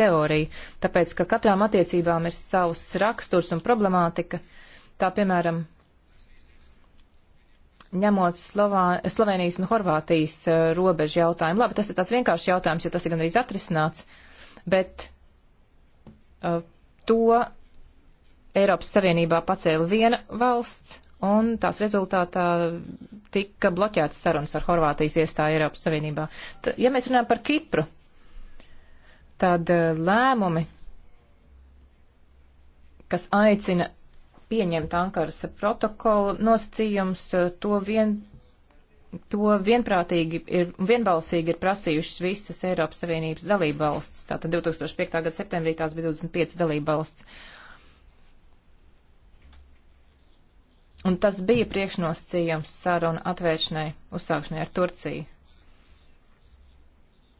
teoriju, tāpēc, ka katrām attiecībām ir savs raksturs un problemātika. Tā piemēram, ņemot Slovā, Slovenijas un Horvātijas uh, robežu jautājumu. Labi, tas ir tāds vienkāršs jautājums, jo tas ir gandrīz atrisināts, bet uh, to Eiropas Savienībā pacēla viena valsts, un tās rezultātā tika bloķētas sarunas ar Horvātijas iestāju Eiropas Savienībā. T ja mēs runājam par Kipru, tad eh, lēmumi, kas aicina pieņemt Ankaras protokolu nosacījumus, eh, to, vien, to vienprātīgi ir, vienbalsīgi ir prasījušas visas Eiropas Savienības dalība valsts. Tātad 2005. gada septembrī tās bija 25 dalība valsts. Un tas bija priekšnosacījums saruna atvēršanai, uzsākšanai ar Turciju.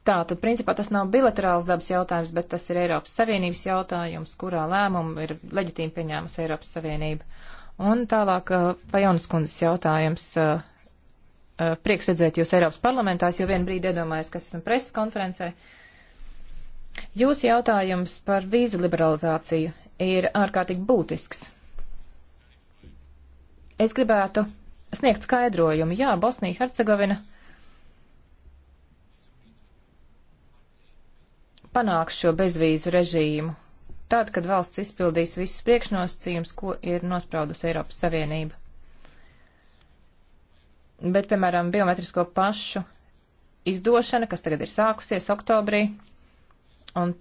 Tā tad, principā, tas nav bilaterāls dabas jautājums, bet tas ir Eiropas Savienības jautājums, kurā lēmumu ir leģitīmi pieņēmusi Eiropas Savienība. Un tālāk, uh, Fajonas kundzes jautājums. Uh, uh, prieks redzēt jūs Eiropas parlamentā. Es jau vienu brīdi iedomājos, kas esam preses konferencē. Jūsu jautājums par vīzu liberalizāciju ir ārkārtīgi būtisks. Es gribētu sniegt skaidrojumu. Jā, Bosnija-Hercegovina panāks šo bezvīzu režīmu, tad, kad valsts izpildīs visus priekšnosacījumus, ko ir nospraudus Eiropas Savienība. Bet, piemēram, biometrisko pašu izdošana, kas tagad ir sākusies oktobrī, un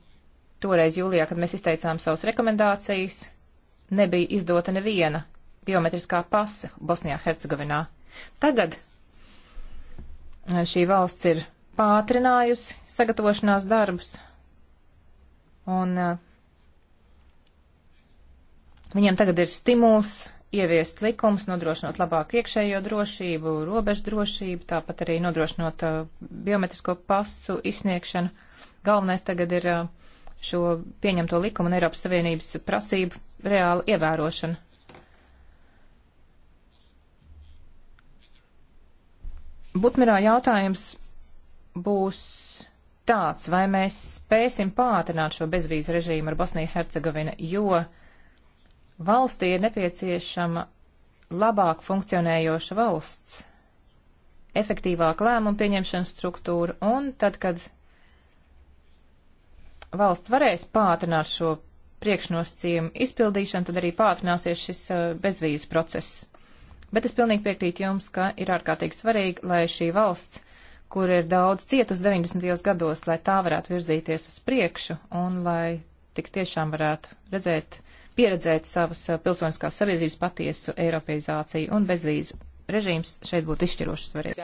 toreiz jūlijā, kad mēs izteicām savas rekomendācijas, nebija izdota neviena biometriskā pase Bosnijā Hercegovinā. Tagad šī valsts ir pātrinājusi sagatavošanās darbus Un uh, viņiem tagad ir stimuls ieviest likums, nodrošinot labāku iekšējo drošību, robežu drošību, tāpat arī nodrošinot uh, biometrisko pasu izsniegšanu. Galvenais tagad ir uh, šo pieņemto likumu un Eiropas Savienības prasību reāla ievērošana. Butmirā jautājums būs tāds, vai mēs spēsim pātrināt šo bezvīzu režīmu ar Bosniju Hercegovinu, jo valstī ir nepieciešama labāk funkcionējoša valsts, efektīvāk lēmumu pieņemšanas struktūra, un tad, kad valsts varēs pātrināt šo priekšnosacījumu izpildīšanu, tad arī pātrināsies šis uh, bezvīzu process. Bet es pilnīgi piekrītu jums, ka ir ārkārtīgi svarīgi, lai šī valsts kur ir daudz cietus 90. gados, lai tā varētu virzīties uz priekšu un lai tik tiešām varētu redzēt, pieredzēt savas uh, pilsoniskās sabiedrības patiesu eiropeizāciju un bezvīzu režīms šeit būtu izšķirošs svarīgs.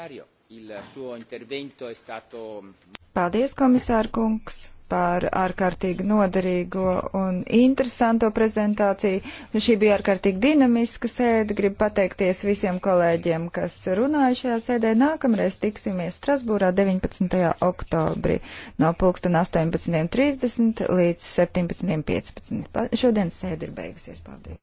Paldies, komisāra kungs! par ārkārtīgi noderīgo un interesanto prezentāciju. Šī bija ārkārtīgi dinamiska sēde. Gribu pateikties visiem kolēģiem, kas runāja šajā sēdē. Nākamreiz tiksimies Strasbūrā 19. oktobrī no pulksten 18.30 līdz 17.15. Šodien sēde ir beigusies. Paldies!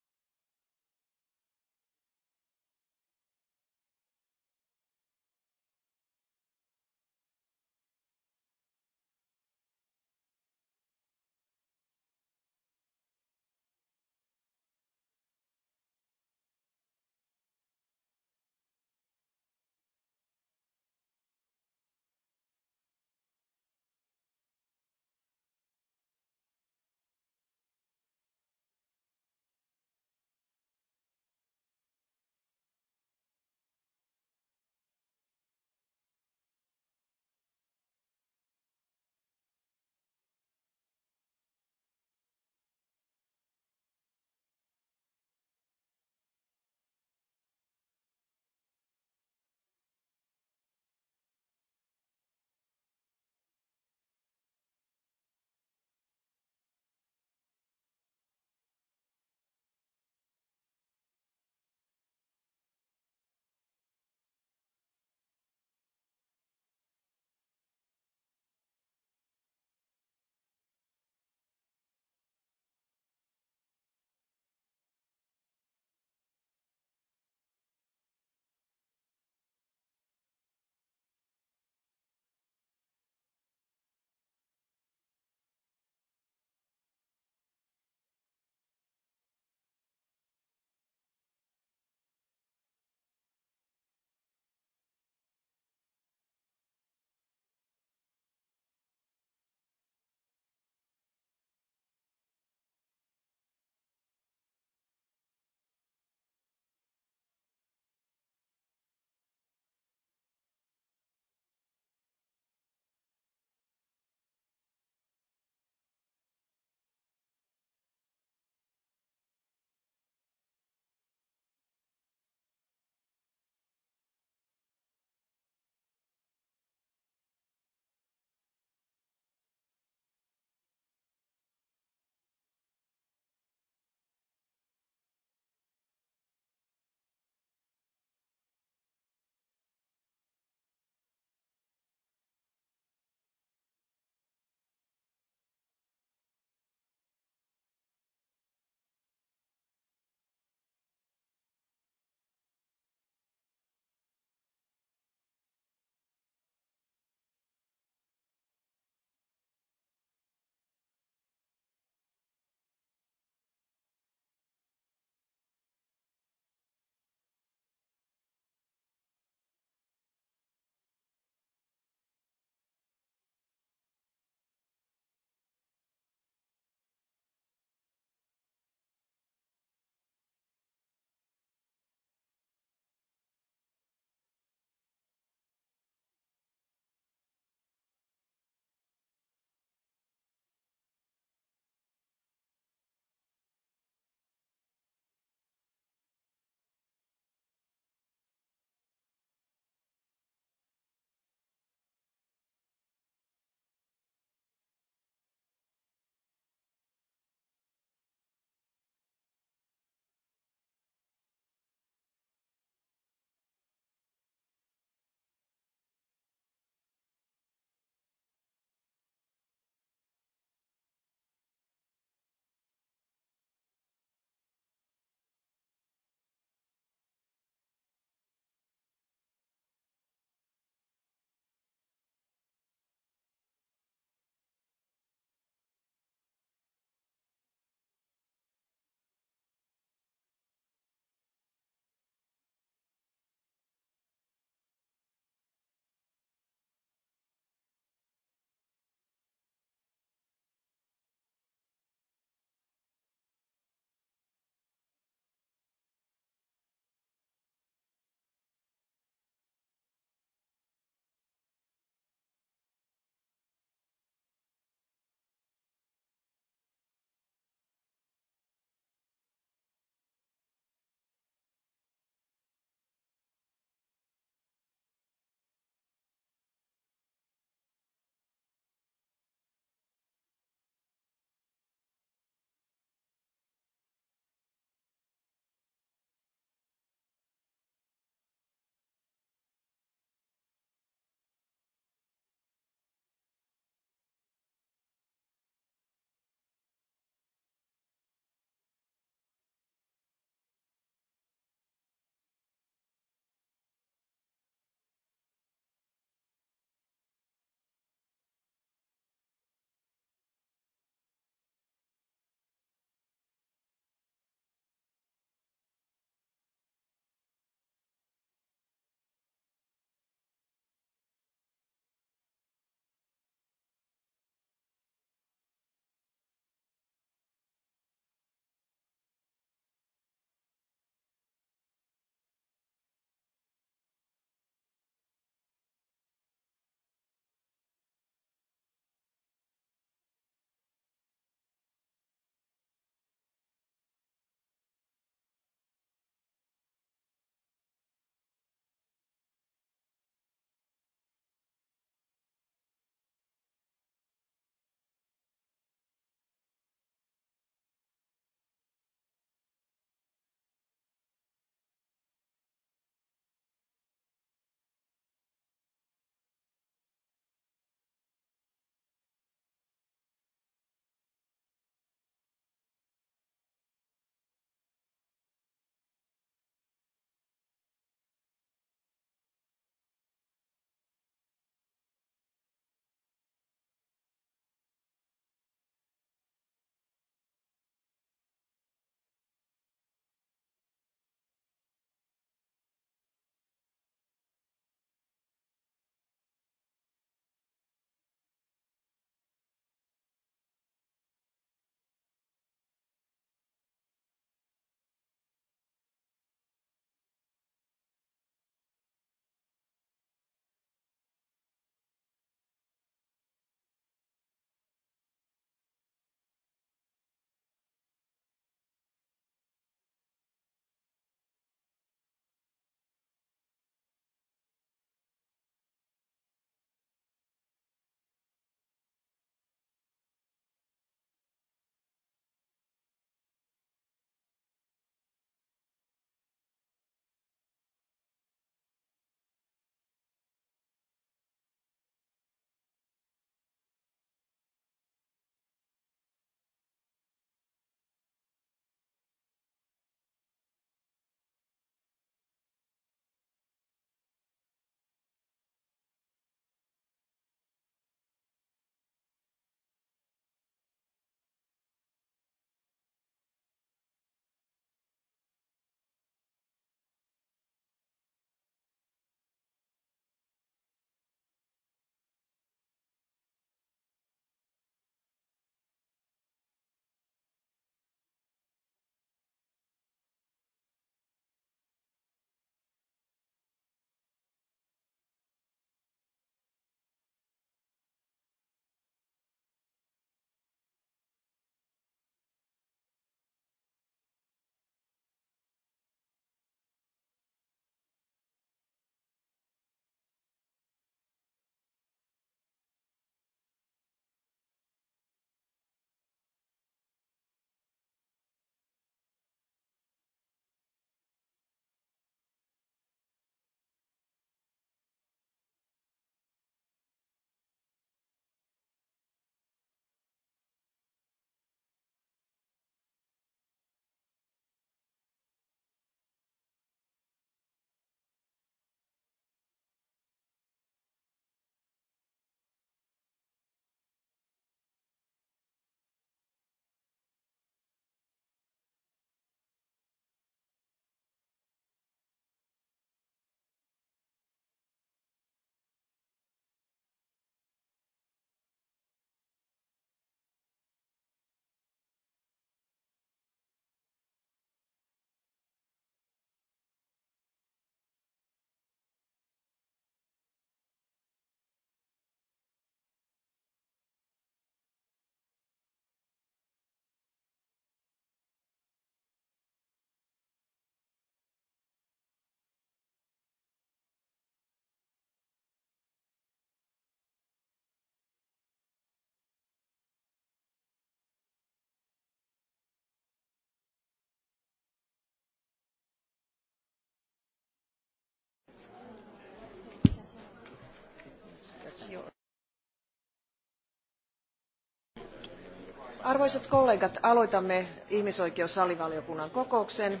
Arvoisat kollegat, aloitamme ihmisoikeusalivaliokunnan kokouksen.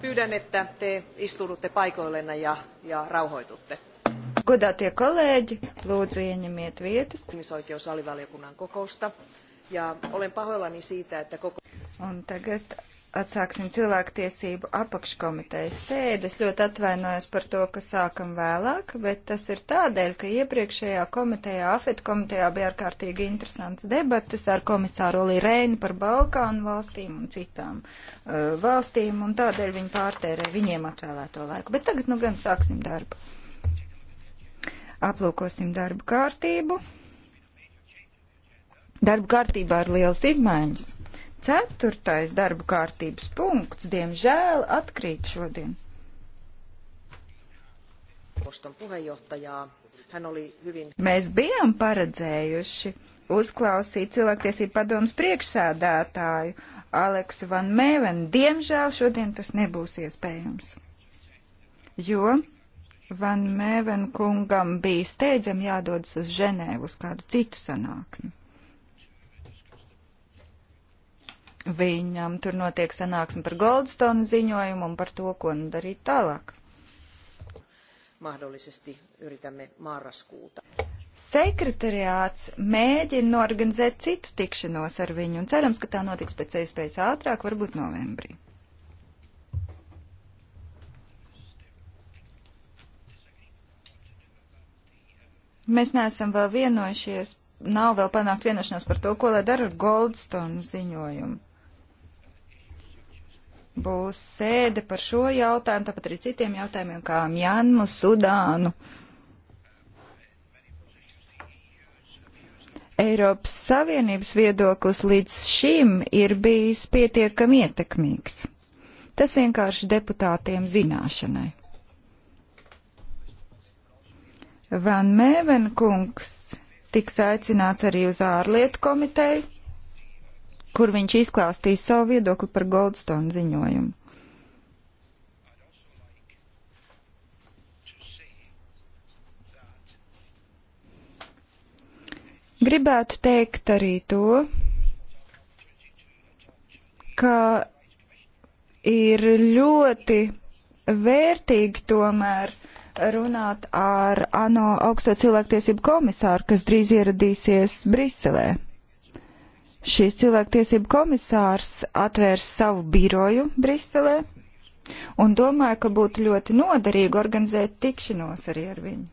Pyydän, että te istuudutte paikoillenne ja, ja rauhoitutte. Godātie kolēģi, lūdzu ieņemiet vietas. Ihmisoikeusalivaliokunnan kokousta. Ja olen pahoillani siitä, että koko... On tagad atsāksim cilvēktiesību apakškomitejas sēdi. Es ļoti atvainojos par to, ka sākam vēlāk, bet tas ir tādēļ, ka iepriekšējā komitejā, AFET komitejā bija ārkārtīgi interesants debatas ar komisāru Olī Reini par Balkānu valstīm un citām uh, valstīm, un tādēļ viņi pārtērē viņiem atvēlēto laiku. Bet tagad nu gan sāksim darbu. Aplūkosim darbu kārtību. Darbu kārtībā ir lielas izmaiņas. Ceturtais darba kārtības punkts, diemžēl, atkrīt šodien. Mēs bijām paredzējuši uzklausīt cilvēktiesību padomus priekšsēdētāju Aleksu Van Mēvenu. Diemžēl šodien tas nebūs iespējams, jo Van Mēven kungam bija steidzam jādodas uz Ženēvu uz kādu citu sanāksmi. Viņam tur notiek sanāksme par Goldstone ziņojumu un par to, ko nu darīt tālāk. Mahdollisesti yritämme marraskuuta. Sekretariāts mēģina norganizēt citu tikšanos ar viņu un cerams, ka tā notiks pēc iespējas ātrāk, varbūt novembrī. Mēs neesam vēl vienojušies, nav vēl panākt vienošanās par to, ko lai dara ar Goldstone ziņojumu būs sēde par šo jautājumu, tāpat arī citiem jautājumiem, kā Mjanmu, Sudānu. Eiropas Savienības viedoklis līdz šim ir bijis pietiekami ietekmīgs. Tas vienkārši deputātiem zināšanai. Van Mēvenkungs tiks aicināts arī uz ārlietu komiteju kur viņš izklāstīja savu viedokli par Goldstone ziņojumu. Gribētu teikt arī to, ka ir ļoti vērtīgi tomēr runāt ar ANO augsto cilvēktiesību komisāru, kas drīz ieradīsies Briselē. Šīs cilvēktiesību komisārs atvērs savu biroju Briselē un domāju, ka būtu ļoti noderīgi organizēt tikšanos arī ar viņu.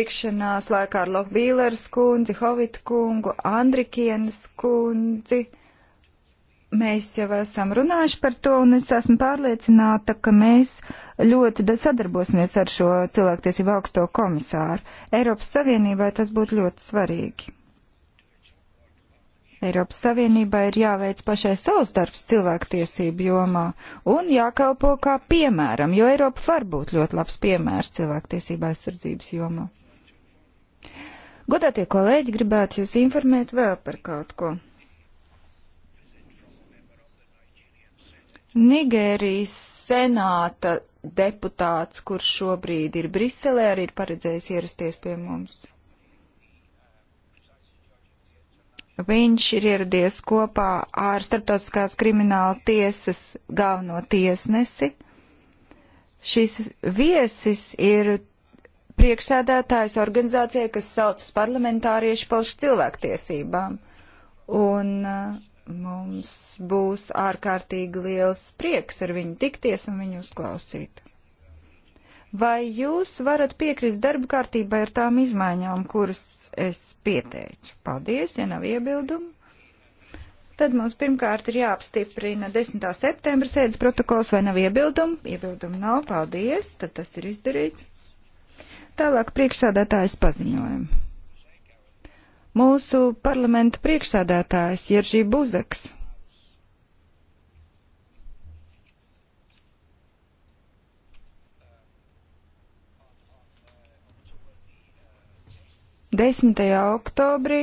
Tikšanās laikā ar Lohbīleru skundzi, Hovitu kungu, Andrikienas skundzi Mēs jau esam runājuši par to, un es esmu pārliecināta, ka mēs ļoti sadarbosimies ar šo cilvēktiesību augsto komisāru. Eiropas Savienībai tas būtu ļoti svarīgi. Eiropas Savienībai ir jāveic pašai savs darbs cilvēktiesību jomā un jākalpo kā piemēram, jo Eiropa var būt ļoti labs piemērs cilvēktiesību aizsardzības jomā. Godātie kolēģi, gribētu jūs informēt vēl par kaut ko. Nigērijas senāta deputāts, kurš šobrīd ir Briselē, arī ir paredzējis ierasties pie mums. Viņš ir ieradies kopā ar Startautiskās krimināla tiesas galveno tiesnesi. Šis viesis ir priekšsēdētājs organizācijai, kas saucas parlamentārieši par cilvēktiesībām. Un uh, Mums būs ārkārtīgi liels prieks ar viņu tikties un viņu uzklausīt. Vai jūs varat piekrist darba kārtībai ar tām izmaiņām, kuras es pieteicu? Paldies, ja nav iebildumu. Tad mums pirmkārt ir jāapstiprina 10. septembra sēdes protokols, vai nav iebildumu? Iebildumu nav, paldies, tad tas ir izdarīts. Tālāk priekšsādātājs paziņojumu. Mūsu parlamenta priekšsādātājs Jeržī Buzaks desmitajā oktobrī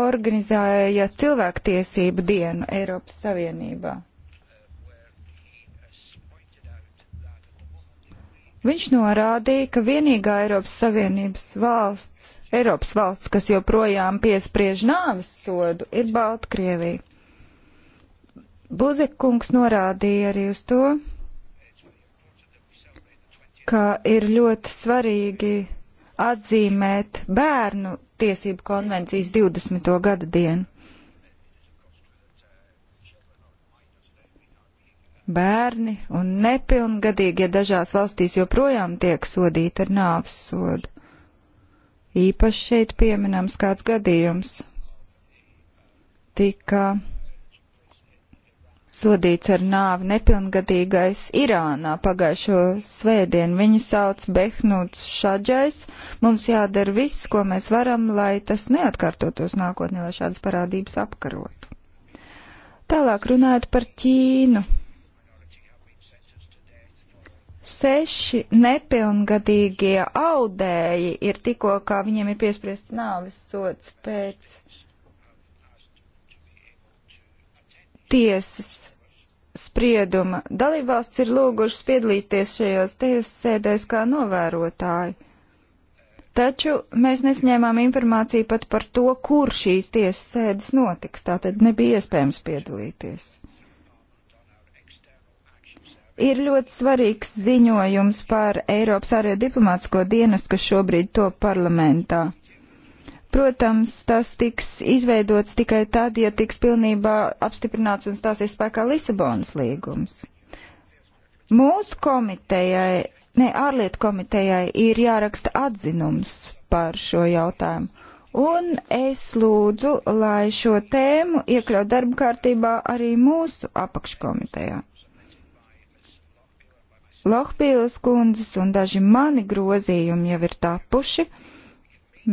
organizēja cilvēktiesību dienu Eiropas Savienībā. Viņš norādīja, ka vienīgā Eiropas Savienības valsts, Eiropas valsts, kas joprojām piespriež nāvis sodu, ir Baltkrievija. Buzekungs norādīja arī uz to, ka ir ļoti svarīgi atzīmēt bērnu tiesību konvencijas 20. gada dienu. Bērni un nepilngadīgie dažās valstīs joprojām tiek sodīti ar nāves sodu. Īpaši šeit pieminams kāds gadījums. Tika sodīts ar nāvi nepilngadīgais Irānā pagājušo svētdienu. Viņu sauc Behnūts Šadžais. Mums jādara viss, ko mēs varam, lai tas neatkārtotos nākotnē, lai šādas parādības apkarotu. Tālāk runājot par Ķīnu. Seši nepilngadīgie audēji ir tikko, kā viņiem ir piespriests nāves sots pēc tiesas sprieduma. Dalībvalsts ir lūgušas piedalīties šajos tiesas sēdēs kā novērotāji. Taču mēs nesaņēmām informāciju pat par to, kur šīs tiesas sēdes notiks, tātad nebija iespējams piedalīties. Ir ļoti svarīgs ziņojums par Eiropas ārējo diplomātsko dienestu, kas šobrīd top parlamentā. Protams, tas tiks izveidots tikai tad, ja tiks pilnībā apstiprināts un stāsies spēkā Lisabonas līgums. Mūsu komitejai, ne ārlietu komitejai, ir jāraksta atzinums par šo jautājumu. Un es lūdzu, lai šo tēmu iekļaut darba kārtībā arī mūsu apakškomitejā. Lohpīles kundzes un daži mani grozījumi jau ir tapuši.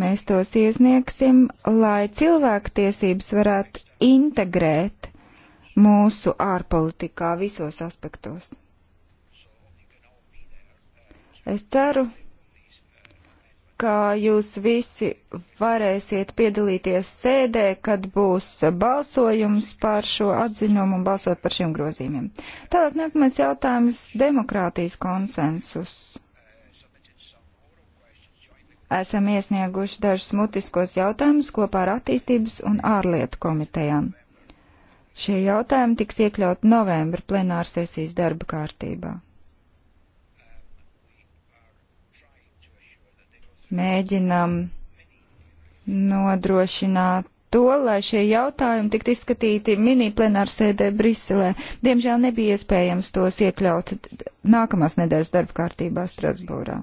Mēs tos iesniegsim, lai cilvēktiesības varētu integrēt mūsu ārpolitikā visos aspektos. Es ceru, ka jūs visi varēsiet piedalīties sēdē, kad būs balsojums par šo atziņumu un balsot par šiem grozījumiem. Tālāk nākamais jautājums - demokrātijas konsensus. Esam iesnieguši dažus mutiskos jautājumus kopā ar attīstības un ārlietu komitejām. Šie jautājumi tiks iekļaut novembra plenārsesijas darba kārtībā. mēģinam nodrošināt to, lai šie jautājumi tiktu izskatīti mini plenāra sēdē Briselē. Diemžēl nebija iespējams tos iekļaut nākamās nedēļas darba kārtībā Strasbūrā.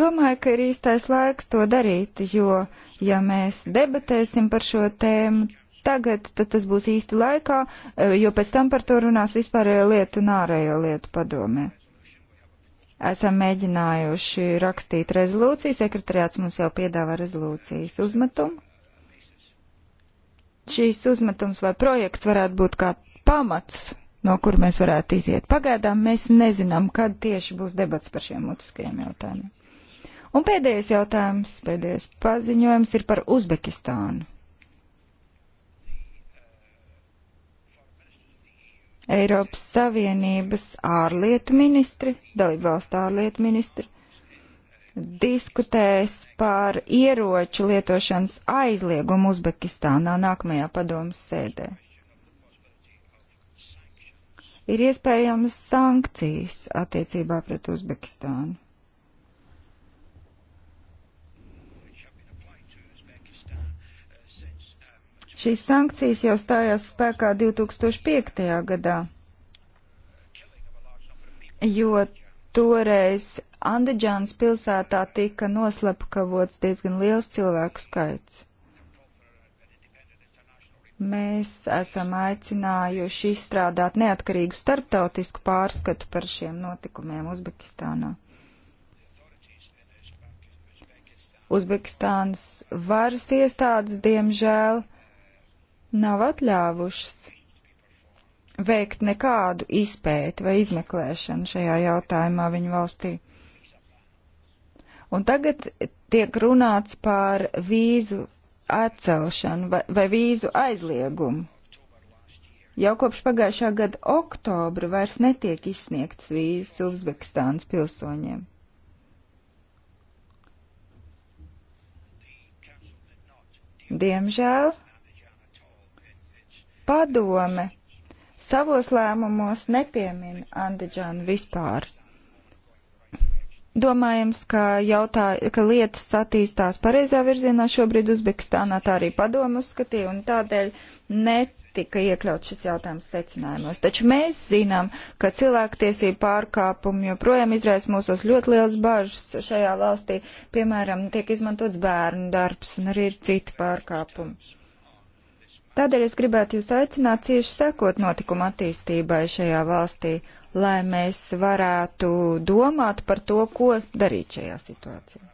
Domāju, ka ir īstais laiks to darīt, jo, ja mēs debatēsim par šo tēmu tagad, tad tas būs īsti laikā, jo pēc tam par to runās vispārējo lietu un ārējo lietu padomē. Esam mēģinājuši rakstīt rezolūciju, sekretariāts mums jau piedāvā rezolūcijas uzmetumu. Šīs uzmetums vai projekts varētu būt kā pamats, no kur mēs varētu iziet. Pagaidām mēs nezinām, kad tieši būs debats par šiem mutiskajiem jautājumiem. Un pēdējais jautājums, pēdējais paziņojums ir par Uzbekistānu. Eiropas Savienības ārlietu ministri, dalību valstu ārlietu ministri, diskutēs par ieroču lietošanas aizliegumu Uzbekistānā nākamajā padomas sēdē. Ir iespējams sankcijas attiecībā pret Uzbekistānu. Šīs sankcijas jau stājās spēkā 2005. gadā, jo toreiz Andeģānas pilsētā tika noslapkavots diezgan liels cilvēku skaits. Mēs esam aicinājuši izstrādāt neatkarīgu starptautisku pārskatu par šiem notikumiem Uzbekistānā. Uzbekistānas varas iestādes, diemžēl, nav atļāvušas veikt nekādu izpēti vai izmeklēšanu šajā jautājumā viņu valstī. Un tagad tiek runāts par vīzu atcelšanu vai, vai vīzu aizliegumu. Jau kopš pagājušā gada oktobra vairs netiek izsniegtas vīzas Uzbekistānas pilsoņiem. Diemžēl Padome savos lēmumos nepiemina Andiģānu vispār. Domājams, ka, jautā, ka lietas attīstās pareizā virzienā šobrīd Uzbekistānā, tā arī padomu uzskatīja, un tādēļ net tika iekļauts šis jautājums secinājumos. Taču mēs zinām, ka cilvēktiesība pārkāpumi joprojām izraisa mūsos ļoti liels bažas šajā valstī. Piemēram, tiek izmantots bērnu darbs un arī ir citi pārkāpumi. Tādēļ es gribētu jūs aicināt cieši sekot notikuma attīstībai šajā valstī, lai mēs varētu domāt par to, ko darīt šajā situācijā.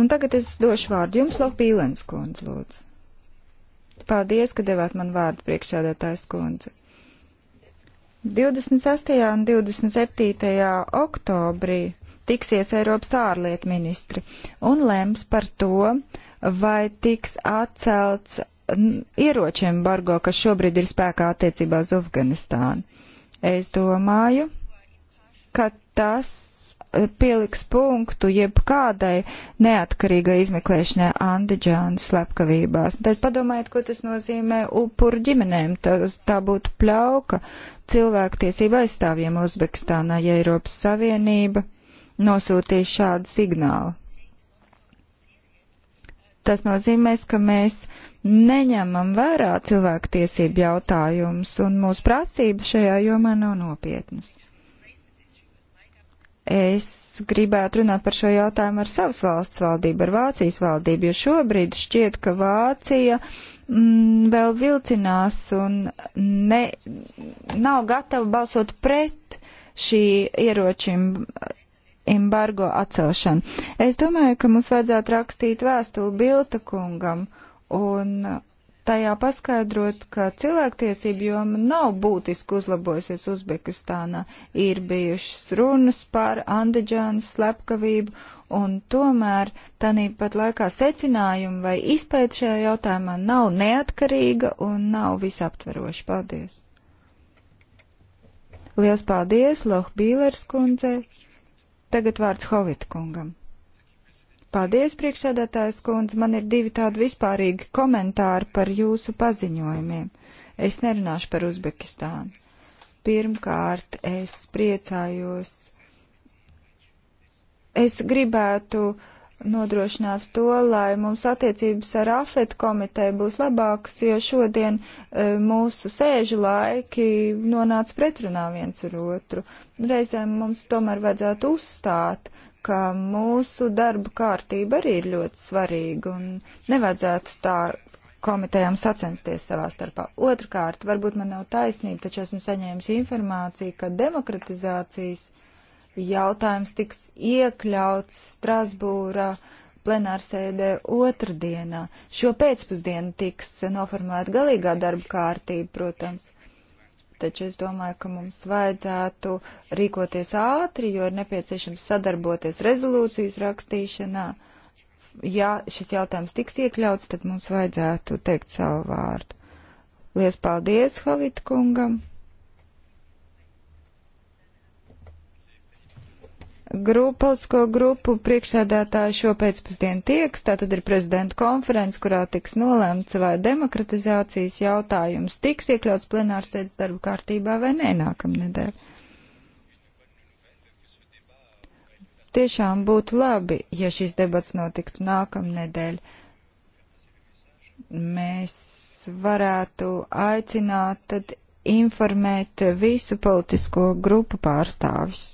Un tagad es došu vārdu jums, Lopīlens kundze, lūdzu. Paldies, ka devāt man vārdu priekšādātājs kundze. 26. un 27. oktobrī tiksies Eiropas ārlietu ministri un lems par to, uh, vai tiks atcelts ieroču embargo, kas šobrīd ir spēkā attiecībā uz Afganistānu. Es domāju, ka tas e, pieliks punktu jebkādai neatkarīgai izmeklēšanai Andiģānas slepkavībās. Tad padomājiet, ko tas nozīmē upuru ģimenēm. Tas, tā būtu pļauka cilvēktiesība aizstāvjiem Uzbekistānā, ja Eiropas Savienība nosūtīs šādu signālu. Tas nozīmēs, ka mēs neņemam vērā cilvēku tiesību jautājumus, un mūsu prasības šajā jomā nav nopietnas. Es gribētu runāt par šo jautājumu ar savas valsts valdību, ar Vācijas valdību, jo šobrīd šķiet, ka Vācija mm, vēl vilcinās un ne, nav gatava balsot pret šī ieročim embargo atcelšanu. Es domāju, ka mums vajadzētu rakstīt vēstuli Bilta kungam un tajā paskaidrot, ka cilvēktiesību joma nav būtiski uzlabojusies Uzbekistānā. Ir bijušas runas par Andeģānas slepkavību, un tomēr tanīpat laikā secinājumi vai izpēta šajā jautājumā nav neatkarīga un nav visaptveroša. Paldies! Liels paldies, Loh Bīlers kundzei! Tagad vārds Hovita kungam. Paldies, priekšsēdētājs kundze. Man ir divi tādi vispārīgi komentāri par jūsu paziņojumiem. Es nerunāšu par Uzbekistānu. Pirmkārt, es priecājos. Es gribētu uh, nodrošinās to, lai mums attiecības ar AFET komiteju būs labākas, jo šodien e, mūsu sēžu laiki nonāca pretrunā viens ar otru. Reizēm mums tomēr vajadzētu uzstāt, ka mūsu darba kārtība arī ir ļoti svarīga un nevajadzētu tā komitejām sacensties savā starpā. Otrkārt, varbūt man nav taisnība, taču esmu saņēmusi informāciju, ka demokratizācijas jautājums tiks iekļauts Strasbūrā plenārsēdē otrdienā. Šo pēcpusdienu tiks noformulēta galīgā darba kārtība, protams. Taču es domāju, ka mums vajadzētu rīkoties ātri, jo ir nepieciešams sadarboties rezolūcijas rakstīšanā. Ja šis jautājums tiks iekļauts, tad mums vajadzētu teikt savu vārdu. Lies paldies Havit kungam! Grupu, politisko grupu priekšsēdētāji šo pēcpusdienu tieks, tātad ir prezidenta konference, kurā tiks nolēmts, vai demokratizācijas jautājums tiks iekļauts plenārsēdes darba kārtībā vai nē nākamnedēļ. Tiešām būtu labi, ja šīs debats notiktu nākamnedēļ. Mēs varētu aicināt tad informēt visu politisko grupu pārstāvis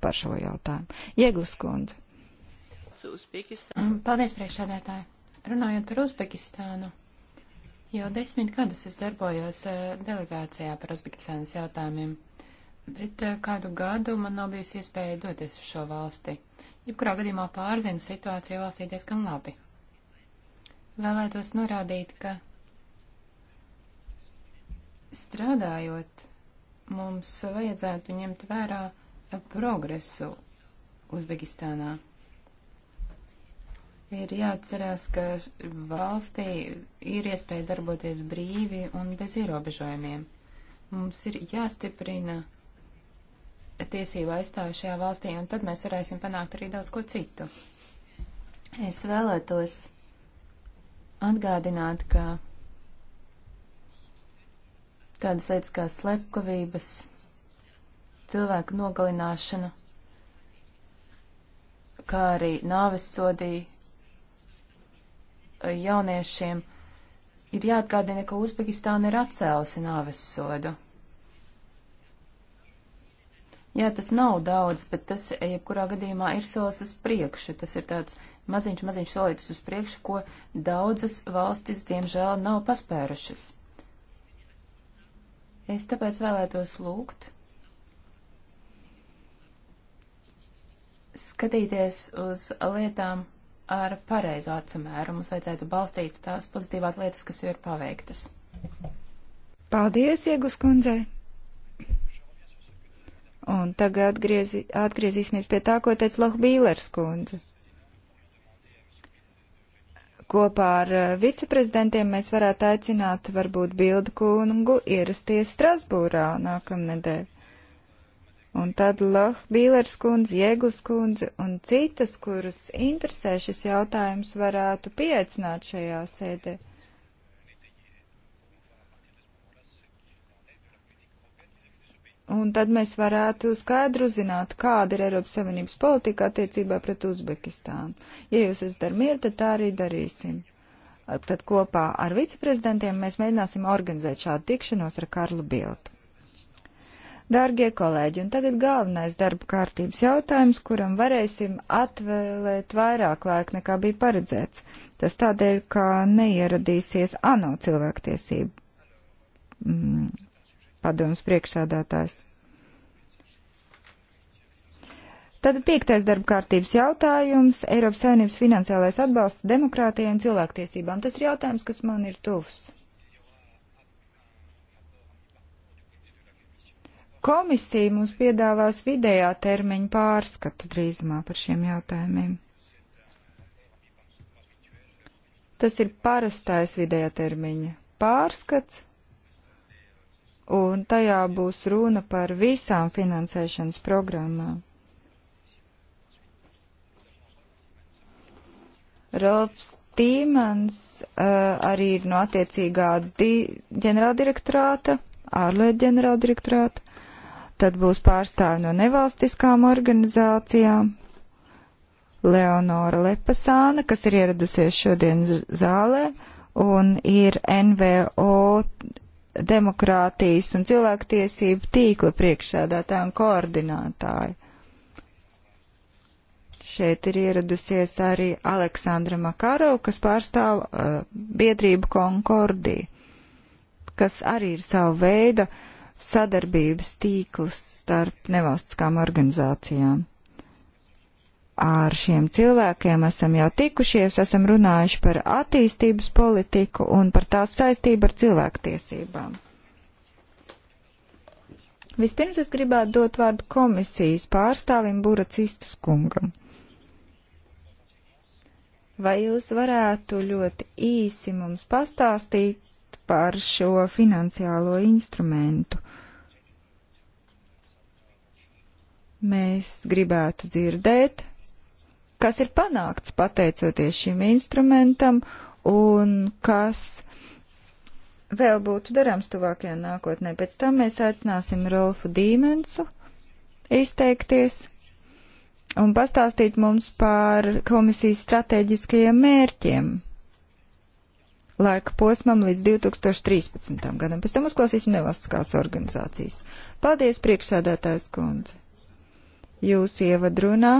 par šo jautājumu. Ieglis kundze. Paldies, priekšsēdētāji. Runājot par Uzbekistānu, jau desmit gadus es darbojos eh, delegācijā par Uzbekistānas jautājumiem, bet eh, kādu gadu man nav bijusi iespēja doties uz šo valsti. Jebkurā gadījumā pārzinu situāciju valstī diezgan labi. Vēlētos norādīt, ka strādājot mums vajadzētu ņemt vērā progresu Uzbekistānā. Ir jāatcerās, ka valstī ir iespēja darboties brīvi un bez ierobežojumiem. Mums ir jāstiprina tiesību aizstāvi šajā valstī, un tad mēs varēsim panākt arī daudz ko citu. Es vēlētos atgādināt, ka tādas lietas kā slepkavības cilvēku nogalināšanu, kā arī nāves sodīja e, jauniešiem, ir jāatgādina, ka Uzbekistāna ir atcēlusi nāves sodu. Jā, tas nav daudz, bet tas, e, jebkurā gadījumā, ir solis uz priekšu. Tas ir tāds maziņš, maziņš solītis uz priekšu, ko daudzas valstis, diemžēl, nav paspērušas. Es tāpēc vēlētos lūgt skatīties uz lietām ar pareizu atsamēru. Mums vajadzētu balstīt tās pozitīvās lietas, kas jau ir paveiktas. Paldies, Iegus kundzei! Un tagad atgriezi, atgriezīsimies pie tā, ko teica Lohbīlers kundze. Kopā ar eh, viceprezidentiem mēs varētu aicināt varbūt Bildu kungu ierasties Strasbūrā nākamnedēļ. Un tad Lohbīlers kundze, Jēglas kundze un citas, kuras interesē šis jautājums, varētu pieaicināt šajā sēdē. Un tad mēs varētu skaidru zināt, kāda ir Eiropas Savienības politika attiecībā pret Uzbekistānu. Ja jūs esat ar mieru, tad tā arī darīsim. Tad kopā ar viceprezidentiem mēs mēģināsim organizēt šādu tikšanos ar Karlu Biltu. Dārgie kolēģi, un tagad galvenais darba kārtības jautājums, kuram varēsim atvēlēt vairāk laika nekā bija paredzēts. Tas tādēļ, ka neieradīsies ANO cilvēktiesību mm, padomus priekšsādātājs. Tad piektais darba kārtības jautājums - Eiropas Savienības finansiālais atbalsts demokrātijai un cilvēktiesībām. Tas ir jautājums, kas man ir tuvs. Komisija mums piedāvās vidējā termiņa pārskatu drīzumā par šiem jautājumiem. Tas ir parastais vidējā termiņa pārskats, un tajā būs runa par visām finansēšanas programmām. Rolfs Tīmans uh, arī ir no attiecīgā di ģenerāldirektorāta, ārlietu ģenerāldirektorāta. Tad būs pārstāvi no nevalstiskām organizācijām. Leonora Lepasāna, kas ir ieradusies šodien zālē un ir NVO demokrātijas un cilvēktiesību tīkla priekšsēdētāja un koordinātāja. Šeit ir ieradusies arī Aleksandra Makarov, kas pārstāv uh, biedrību Konkordiju, kas arī ir savu veidu uh, sadarbības tīkls starp nevalstiskām organizācijām. Ar šiem cilvēkiem esam jau tikušies, esam runājuši par attīstības politiku un par tās saistību ar cilvēktiesībām. Vispirms es gribētu dot vārdu komisijas pārstāvim Buracistas kungam. Vai jūs varētu ļoti īsi mums pastāstīt par šo finansiālo instrumentu. Mēs gribētu dzirdēt, kas ir panākts pateicoties šim instrumentam un kas vēl būtu darāms tuvākajā nākotnē. Pēc tam mēs aicināsim Rolfu Dīmensu izteikties un pastāstīt mums par komisijas strateģiskajiem mērķiem laika posmam līdz 2013. gadam. Pēc tam uzklausīsim nevalstiskās organizācijas. Paldies, priekšsādātājs kundze. Jūs ievadrunā.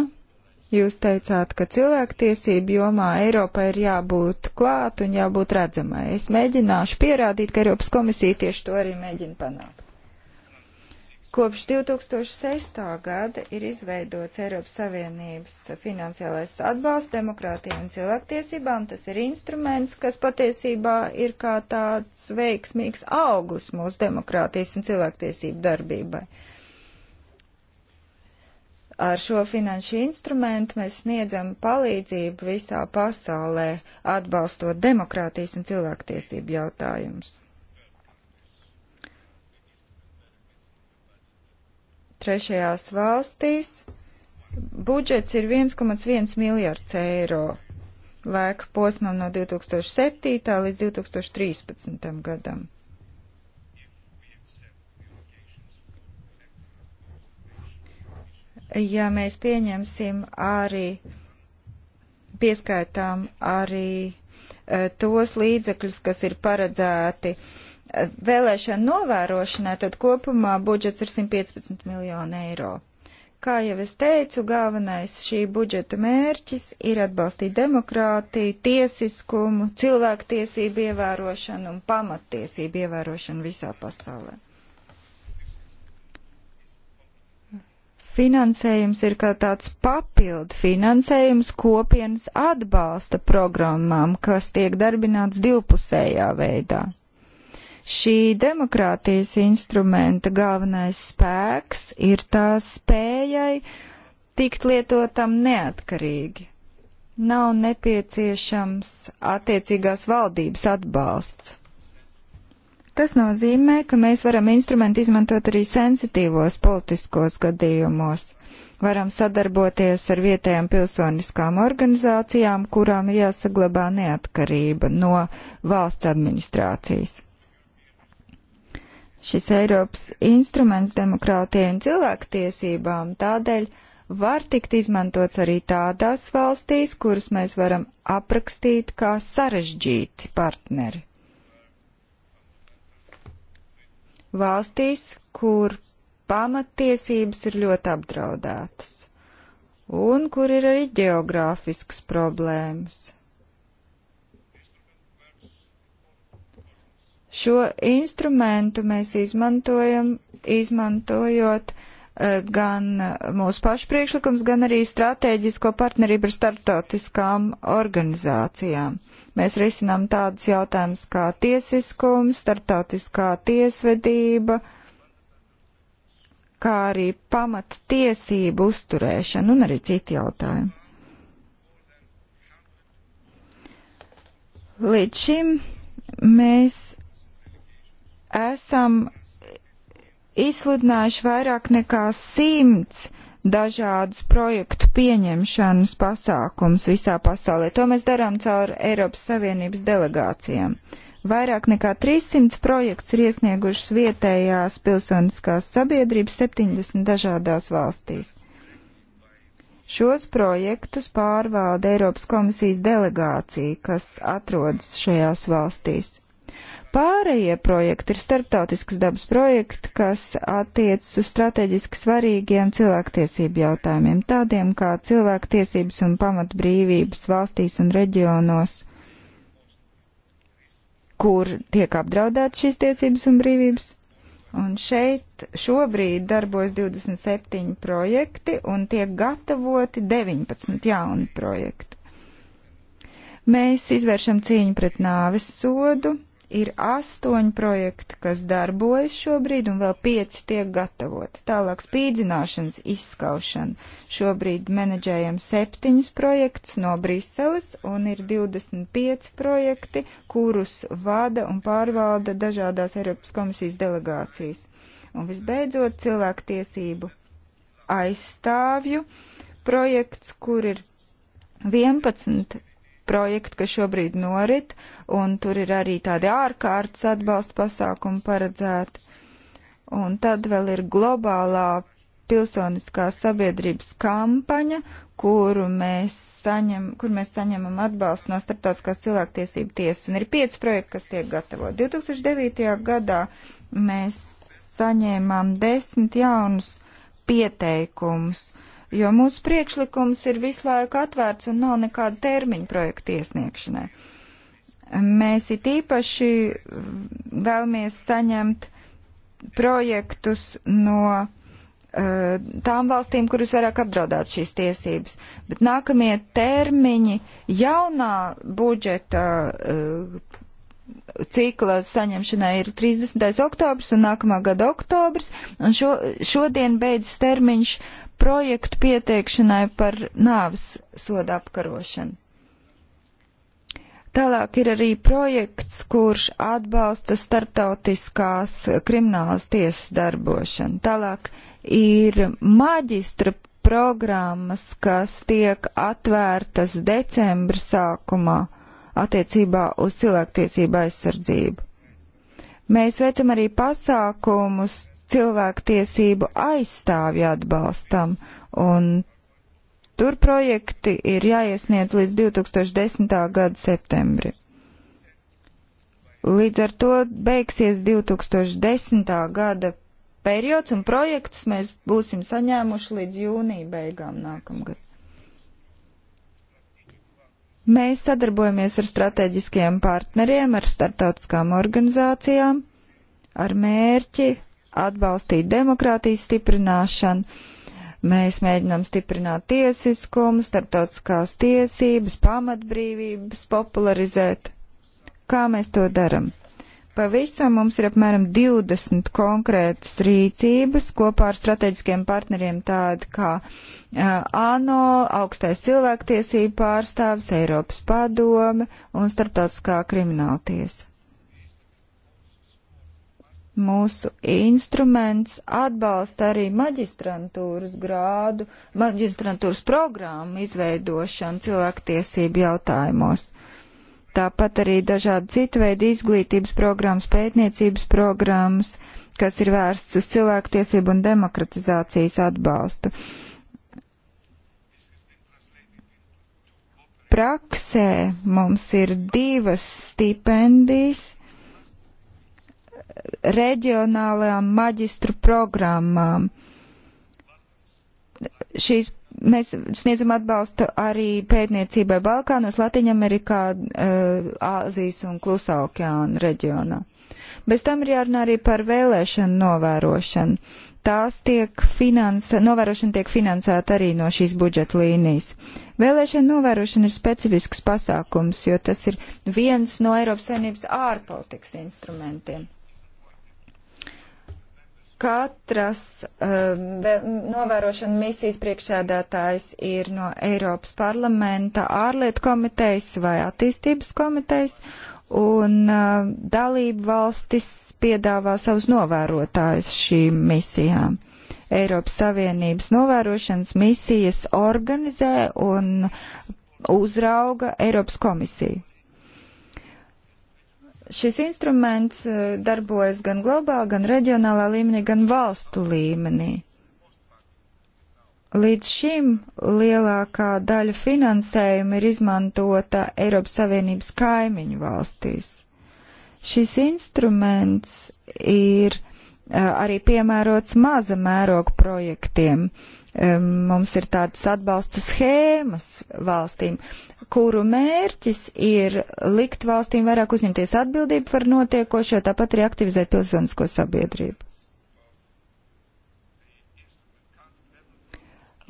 Jūs teicāt, ka cilvēktiesību jomā Eiropai ir jābūt klāt un jābūt redzamai. Es mēģināšu pierādīt, ka Eiropas komisija tieši to arī mēģina panākt. Kopš 2006. gada ir izveidots Eiropas Savienības finansiālais atbalsts demokrātiem un cilvēktiesībām. Tas ir instruments, kas patiesībā ir kā tāds veiksmīgs auglis mūsu demokrātijas un cilvēktiesību darbībai. Ar šo finanšu instrumentu mēs sniedzam palīdzību visā pasaulē, atbalstot demokrātijas un cilvēktiesību jautājumus. trešajās valstīs budžets ir 1,1 miljards eiro laika posmam no 2007. līdz 2013. gadam. Ja mēs pieņemsim arī, pieskaitām arī eh, tos līdzekļus, kas ir paredzēti uh, vēlēšana novērošanai, tad kopumā budžets ir 115 miljoni eiro. Kā jau es teicu, galvenais šī budžeta mērķis ir atbalstīt demokrātiju, tiesiskumu, cilvēktiesību ievērošanu un pamattiesību ievērošanu visā pasaulē. Finansējums ir kā tāds papildu finansējums kopienas atbalsta programmām, kas tiek darbināts divpusējā veidā. Šī demokrātijas instrumenta galvenais spēks ir tā spējai tikt lietotam neatkarīgi. Nav nepieciešams attiecīgās valdības atbalsts. Tas nozīmē, ka mēs varam instrumentu izmantot arī sensitīvos politiskos gadījumos varam sadarboties ar vietējām pilsoniskām organizācijām, kurām ir jāsaglabā neatkarība no valsts administrācijas šis Eiropas instruments demokrātijai un cilvēktiesībām tādēļ var tikt izmantots arī tādās valstīs, kuras mēs varam aprakstīt kā sarežģīti partneri. Valstīs, kur pamatiesības ir ļoti apdraudētas un kur ir arī geogrāfiskas problēmas. Šo instrumentu mēs izmantojam, izmantojot eh, gan eh, mūsu pašu priekšlikums, gan arī strateģisko partnerību ar starptautiskām organizācijām. Mēs risinām tādus jautājumus kā tiesiskums, starptautiskā tiesvedība, kā arī pamata tiesību uzturēšana un arī citi jautājumi. Līdz šim mēs esam izsludinājuši vairāk nekā simts dažādus projektu pieņemšanas pasākums visā pasaulē. To mēs darām caur Eiropas Savienības delegācijām. Vairāk nekā 300 projekts ir iesniegušas vietējās pilsoniskās sabiedrības 70 dažādās valstīs. Šos projektus pārvalda Eiropas komisijas delegācija, kas atrodas šajās valstīs. Pārējie projekti ir starptautiskas dabas projekti, kas attiecas uz strateģiski svarīgiem cilvēktiesību jautājumiem, tādiem kā cilvēktiesības un pamatbrīvības valstīs un reģionos, kur tiek apdraudētas šīs tiesības un brīvības. Un šeit šobrīd darbojas 27 projekti un tiek gatavoti 19 jauni projekti. Mēs izvēršam cīņu pret nāves sodu, Ir astoņi projekti, kas darbojas šobrīd, un vēl pieci tiek gatavoti. Tālāk spīdzināšanas izskaušana. Šobrīd menedžējam septiņus projektus no Briseles, un ir 25 projekti, kurus vada un pārvalda dažādās Eiropas komisijas delegācijas. Un visbeidzot, cilvēktiesību aizstāvju projekts, kur ir 11 projekti, kas šobrīd norit, un tur ir arī tādi ārkārtas atbalsta pasākumi paredzēti. Un tad vēl ir globālā pilsoniskās sabiedrības kampaņa, kuru mēs, saņem, kur mēs saņemam atbalstu no Startautiskās cilvēktiesību tiesas. Un ir pieci projekti, kas tiek gatavot. 2009. gadā mēs saņēmām desmit jaunus pieteikumus jo mūsu priekšlikums ir visu laiku atvērts un nav nekāda termiņa projekta iesniegšanai. Mēs it īpaši vēlamies saņemt projektus no eh, tām valstīm, kuras vairāk apdraudāt šīs tiesības. Bet nākamie termiņi jaunā budžeta eh, cikla saņemšanai ir 30. oktobris un nākamā gada oktobris, un šo, šodien beidzas termiņš projektu pieteikšanai par nāvis soda apkarošanu. Tālāk ir arī projekts, kurš atbalsta starptautiskās kriminālas tiesas darbošanu. Tālāk ir maģistra programmas, kas tiek atvērtas decembra sākumā attiecībā uz cilvēktiesību aizsardzību. Mēs veicam arī pasākumus cilvēktiesību aizstāvju atbalstam, un tur projekti ir jāiesniedz līdz 2010. gada septembri. Līdz ar to beigsies 2010. gada periods, un projektus mēs būsim saņēmuši līdz jūnija beigām nākamgad. Mēs sadarbojamies ar strateģiskiem partneriem, ar starptautiskām organizācijām, ar mērķi atbalstīt demokrātijas stiprināšanu. Mēs mēģinām stiprināt tiesiskumu, starptautiskās tiesības, pamatbrīvības popularizēt. Kā mēs to daram? Pavisam mums ir apmēram 20 konkrētas rīcības kopā ar strateģiskiem partneriem tādi kā uh, ANO, augstais cilvēktiesība pārstāvis, Eiropas padome un starptautiskā krimināltiesa Mūsu instruments atbalsta arī maģistrantūras grādu, maģistrantūras programmu izveidošanu cilvēktiesību jautājumos. Tāpat arī dažādi citu veidu izglītības programmas, pētniecības programmas, kas ir vērsts uz cilvēktiesību un demokratizācijas atbalstu. Praksē mums ir divas stipendijas reģionālajām maģistru programmām. Šīs mēs sniedzam atbalstu arī pētniecībai Balkānos, Latviņamerikā, eh, Āzijas un Klusā okeāna reģionā. Bez tam ir jārunā arī par vēlēšanu novērošanu. Tās tiek finansēta, novērošana tiek finansēta arī no šīs budžeta līnijas. Vēlēšana novērošana ir specifisks pasākums, jo tas ir viens no Eiropas saimnības ārpolitikas instrumentiem. Katras um, novērošana misijas priekšsēdētājs ir no Eiropas parlamenta ārlietu komitejas vai attīstības komitejas, un uh, dalību valstis piedāvā savus novērotājus šīm misijām. Eiropas Savienības novērošanas misijas organizē un uzrauga Eiropas komisiju. Šis instruments eh, darbojas gan globāli, gan reģionālā līmenī, gan valstu līmenī. Līdz šim lielākā daļa finansējuma ir izmantota Eiropas Savienības kaimiņu valstīs. Šis instruments ir eh, arī piemērots maza mēroga projektiem. Mums ir tādas atbalsta schēmas valstīm kuru mērķis ir likt valstīm vairāk uzņemties atbildību par notiekošo, tāpat arī aktivizēt pilsonisko sabiedrību.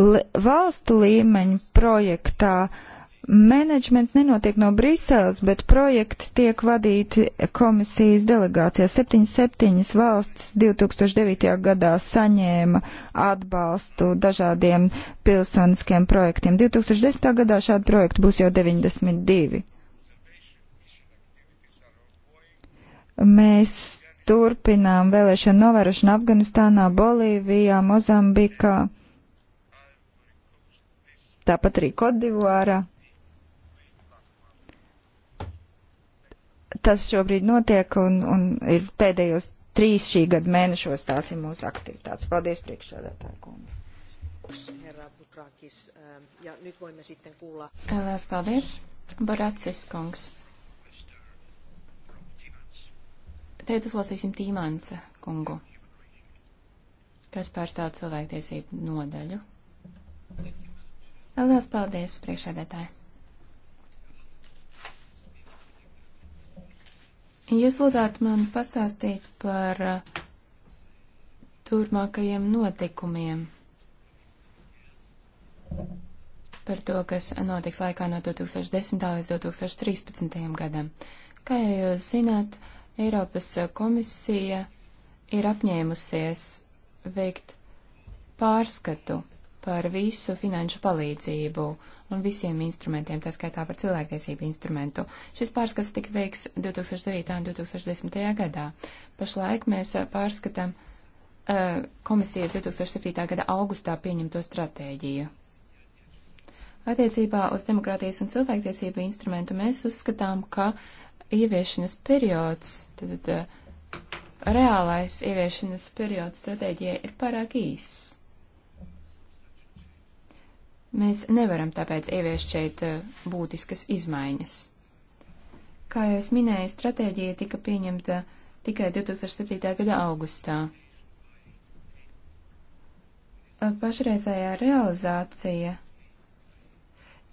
Le, valstu līmeņu projektā uh, Menedžments nenotiek no Briseles, bet projekti tiek vadīti komisijas delegācijā. 77 valsts 2009. gadā saņēma atbalstu dažādiem pilsoniskiem projektiem. 2010. gadā šādi projekti būs jau 92. Mēs turpinām vēlēšanu novērošanu Afganistānā, Bolīvijā, Mozambikā, tāpat arī Kodivārā. tas šobrīd notiek un, un ir pēdējos trīs šī gada mēnešos tās ir mūsu aktivitātes. Paldies, priekšsēdētāja kundze. Lielas paldies, Boracis kungs. Tagad uzklausīsim Tīmāns kungu, kas pārstāv cilvēktiesību nodaļu. Lielas paldies, priekšsēdētāji. Jūs lūdzētu man pastāstīt par uh, turpmākajiem notikumiem, par to, kas notiks laikā no 2010. līdz 2013. gadam. Kā jau jūs zināt, Eiropas komisija ir apņēmusies veikt pārskatu par visu finanšu palīdzību un visiem instrumentiem, tā skaitā par cilvēktiesību instrumentu. Šis pārskats tika veiks 2009. un 2010. gadā. Pašlaik mēs uh, pārskatām uh, komisijas 2007. gada augustā pieņemto stratēģiju. Attiecībā uz demokrātijas un cilvēktiesību instrumentu mēs uzskatām, ka ieviešanas periods, tad, tad uh, reālais ieviešanas periods stratēģijai ir pārāk īss. Mēs nevaram tāpēc ieviest šeit eh, būtiskas izmaiņas. Kā jau es minēju, stratēģija tika pieņemta tikai 2007. gada augustā. Eh, pašreizējā realizācija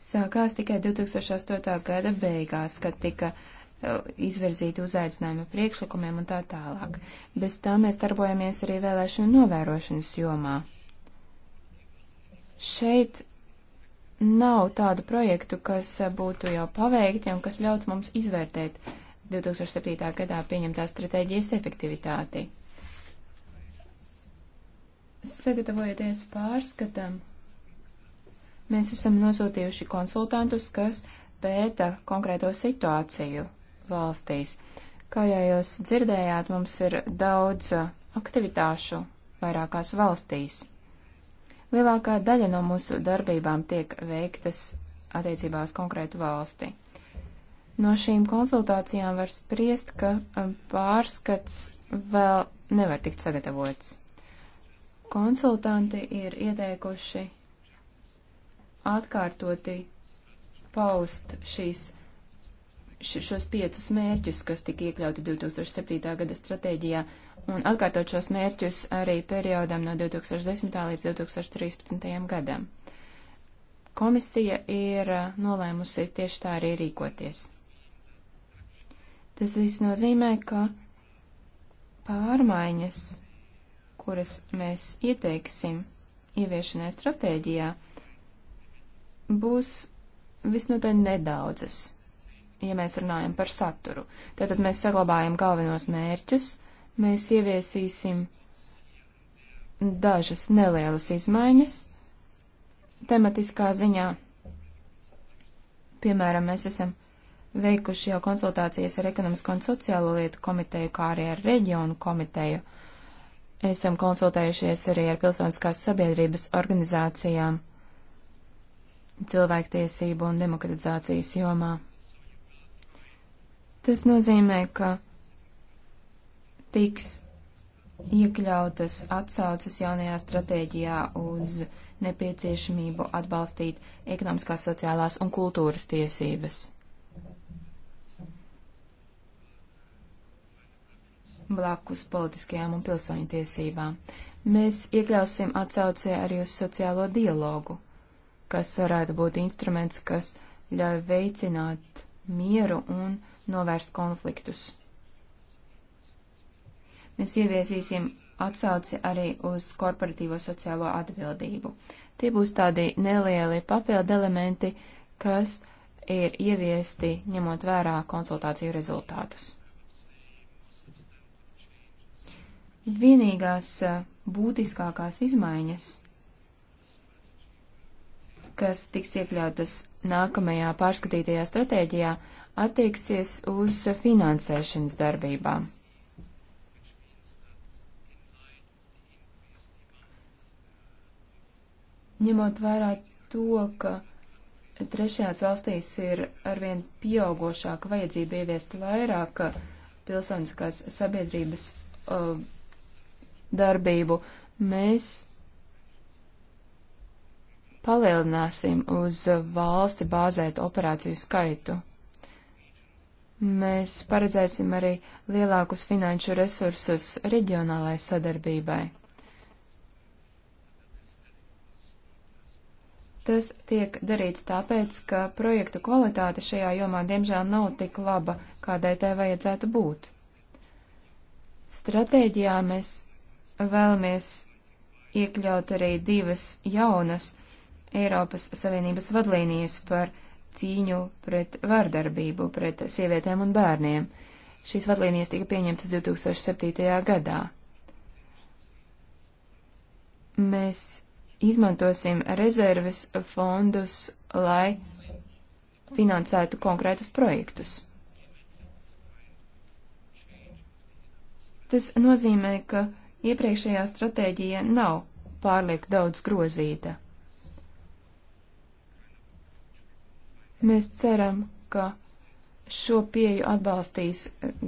sākās tikai 2008. gada beigās, kad tika eh, izvirzīti uzaicinājumi priekšlikumiem un tā tālāk. Bez tā mēs darbojamies arī vēlēšanu novērošanas jomā. Šeit nav tādu projektu, kas būtu jau paveikti un kas ļautu mums izvērtēt 2007. gadā pieņemtās stratēģijas efektivitāti. Sagatavojoties pārskatam, mēs esam nosūtījuši konsultantus, kas pēta konkrēto situāciju valstīs. Kā jau jūs dzirdējāt, mums ir daudz aktivitāšu vairākās valstīs. Lielākā daļa no mūsu darbībām tiek veiktas attiecībā uz konkrētu valsti. No šīm konsultācijām var spriest, ka um, pārskats vēl nevar tikt sagatavots. Konsultanti ir ieteikuši atkārtoti paust šīs, šos piecus mērķus, kas tika iekļauti 2007. gada stratēģijā un atkārtot šos mērķus arī periodam no 2010. līdz 2013. gadam. Komisija ir uh, nolēmusi tieši tā arī rīkoties. Tas viss nozīmē, ka pārmaiņas, kuras mēs ieteiksim ieviešanai stratēģijā, būs visnotaļ nedaudzas, ja mēs runājam par saturu. Tātad mēs saglabājam galvenos mērķus, mēs ieviesīsim dažas nelielas izmaiņas tematiskā ziņā. Piemēram, mēs esam veikuši jau konsultācijas ar Ekonomisko un sociālo lietu komiteju, kā arī ar reģionu komiteju. Esam konsultējušies arī ar pilsoniskās sabiedrības organizācijām cilvēktiesību un demokratizācijas jomā. Tas nozīmē, ka tiks iekļautas atsaucas jaunajā stratēģijā uz nepieciešamību atbalstīt ekonomiskās, sociālās un kultūras tiesības. blakus politiskajām un pilsoņu tiesībām. Mēs iekļausim atsaucē arī uz sociālo dialogu, kas varētu būt instruments, kas ļauj veicināt mieru un novērst konfliktus. Mēs ieviesīsim atsauci arī uz korporatīvo sociālo atbildību. Tie būs tādi nelieli papildu elementi, kas ir ieviesti ņemot vērā konsultāciju rezultātus. Vienīgās būtiskākās izmaiņas, kas tiks iekļautas nākamajā pārskatītajā stratēģijā, attieksies uz finansēšanas darbībām. ņemot vērā to, ka trešajās valstīs ir arvien pieaugošāka vajadzība ieviest vairāk pilsoniskās sabiedrības uh, darbību, mēs palielināsim uz valsti bāzētu operāciju skaitu. Mēs paredzēsim arī lielākus finanšu resursus reģionālai sadarbībai. Tas tiek darīts tāpēc, ka projektu kvalitāte šajā jomā diemžēl nav tik laba, kādai tai vajadzētu būt. Stratēģijā mēs vēlamies iekļaut arī divas jaunas Eiropas Savienības vadlīnijas par cīņu pret vardarbību pret sievietēm un bērniem. Šīs vadlīnijas tika pieņemtas 2007. gadā. Mēs izmantosim rezerves fondus, lai finansētu konkrētus projektus. Tas nozīmē, ka iepriekšējā stratēģija nav pārlieku daudz grozīta. Mēs ceram, ka šo pieju atbalstīs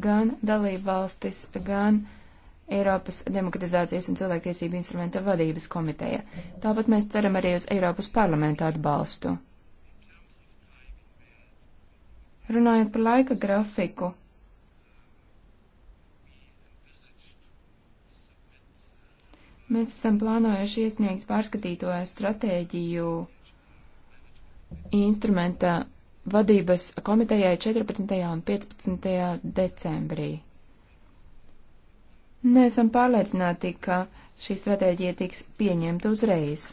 gan dalībvalstis, gan uh, Eiropas demokratizācijas un cilvēktiesību instrumenta vadības komiteja. Tāpat mēs ceram arī uz Eiropas parlamenta atbalstu. Runājot par laika grafiku, mēs esam plānojuši iesniegt pārskatīto stratēģiju instrumenta vadības komitejai 14. un 15. decembrī. Neesam pārliecināti, ka šī stratēģija tiks pieņemta uzreiz.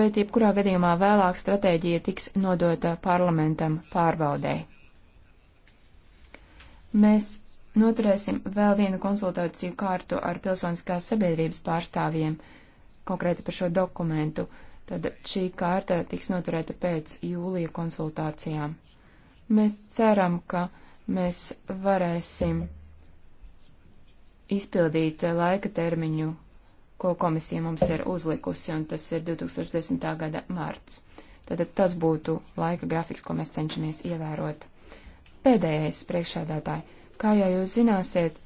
Bet jebkurā gadījumā vēlāk stratēģija tiks nodota parlamentam pārbaudē. Mēs noturēsim vēl vienu konsultāciju kārtu ar pilsoniskās sabiedrības pārstāvjiem konkrēti par šo dokumentu. Tad šī kārta tiks noturēta pēc jūlija konsultācijām. Mēs ceram, ka mēs varēsim izpildīt eh, laika termiņu, ko komisija mums ir uzlikusi, un tas ir 2010. gada mārts. Tātad tas būtu laika grafiks, ko mēs cenšamies ievērot. Pēdējais priekšādātāji, kā jau jūs zināsiet,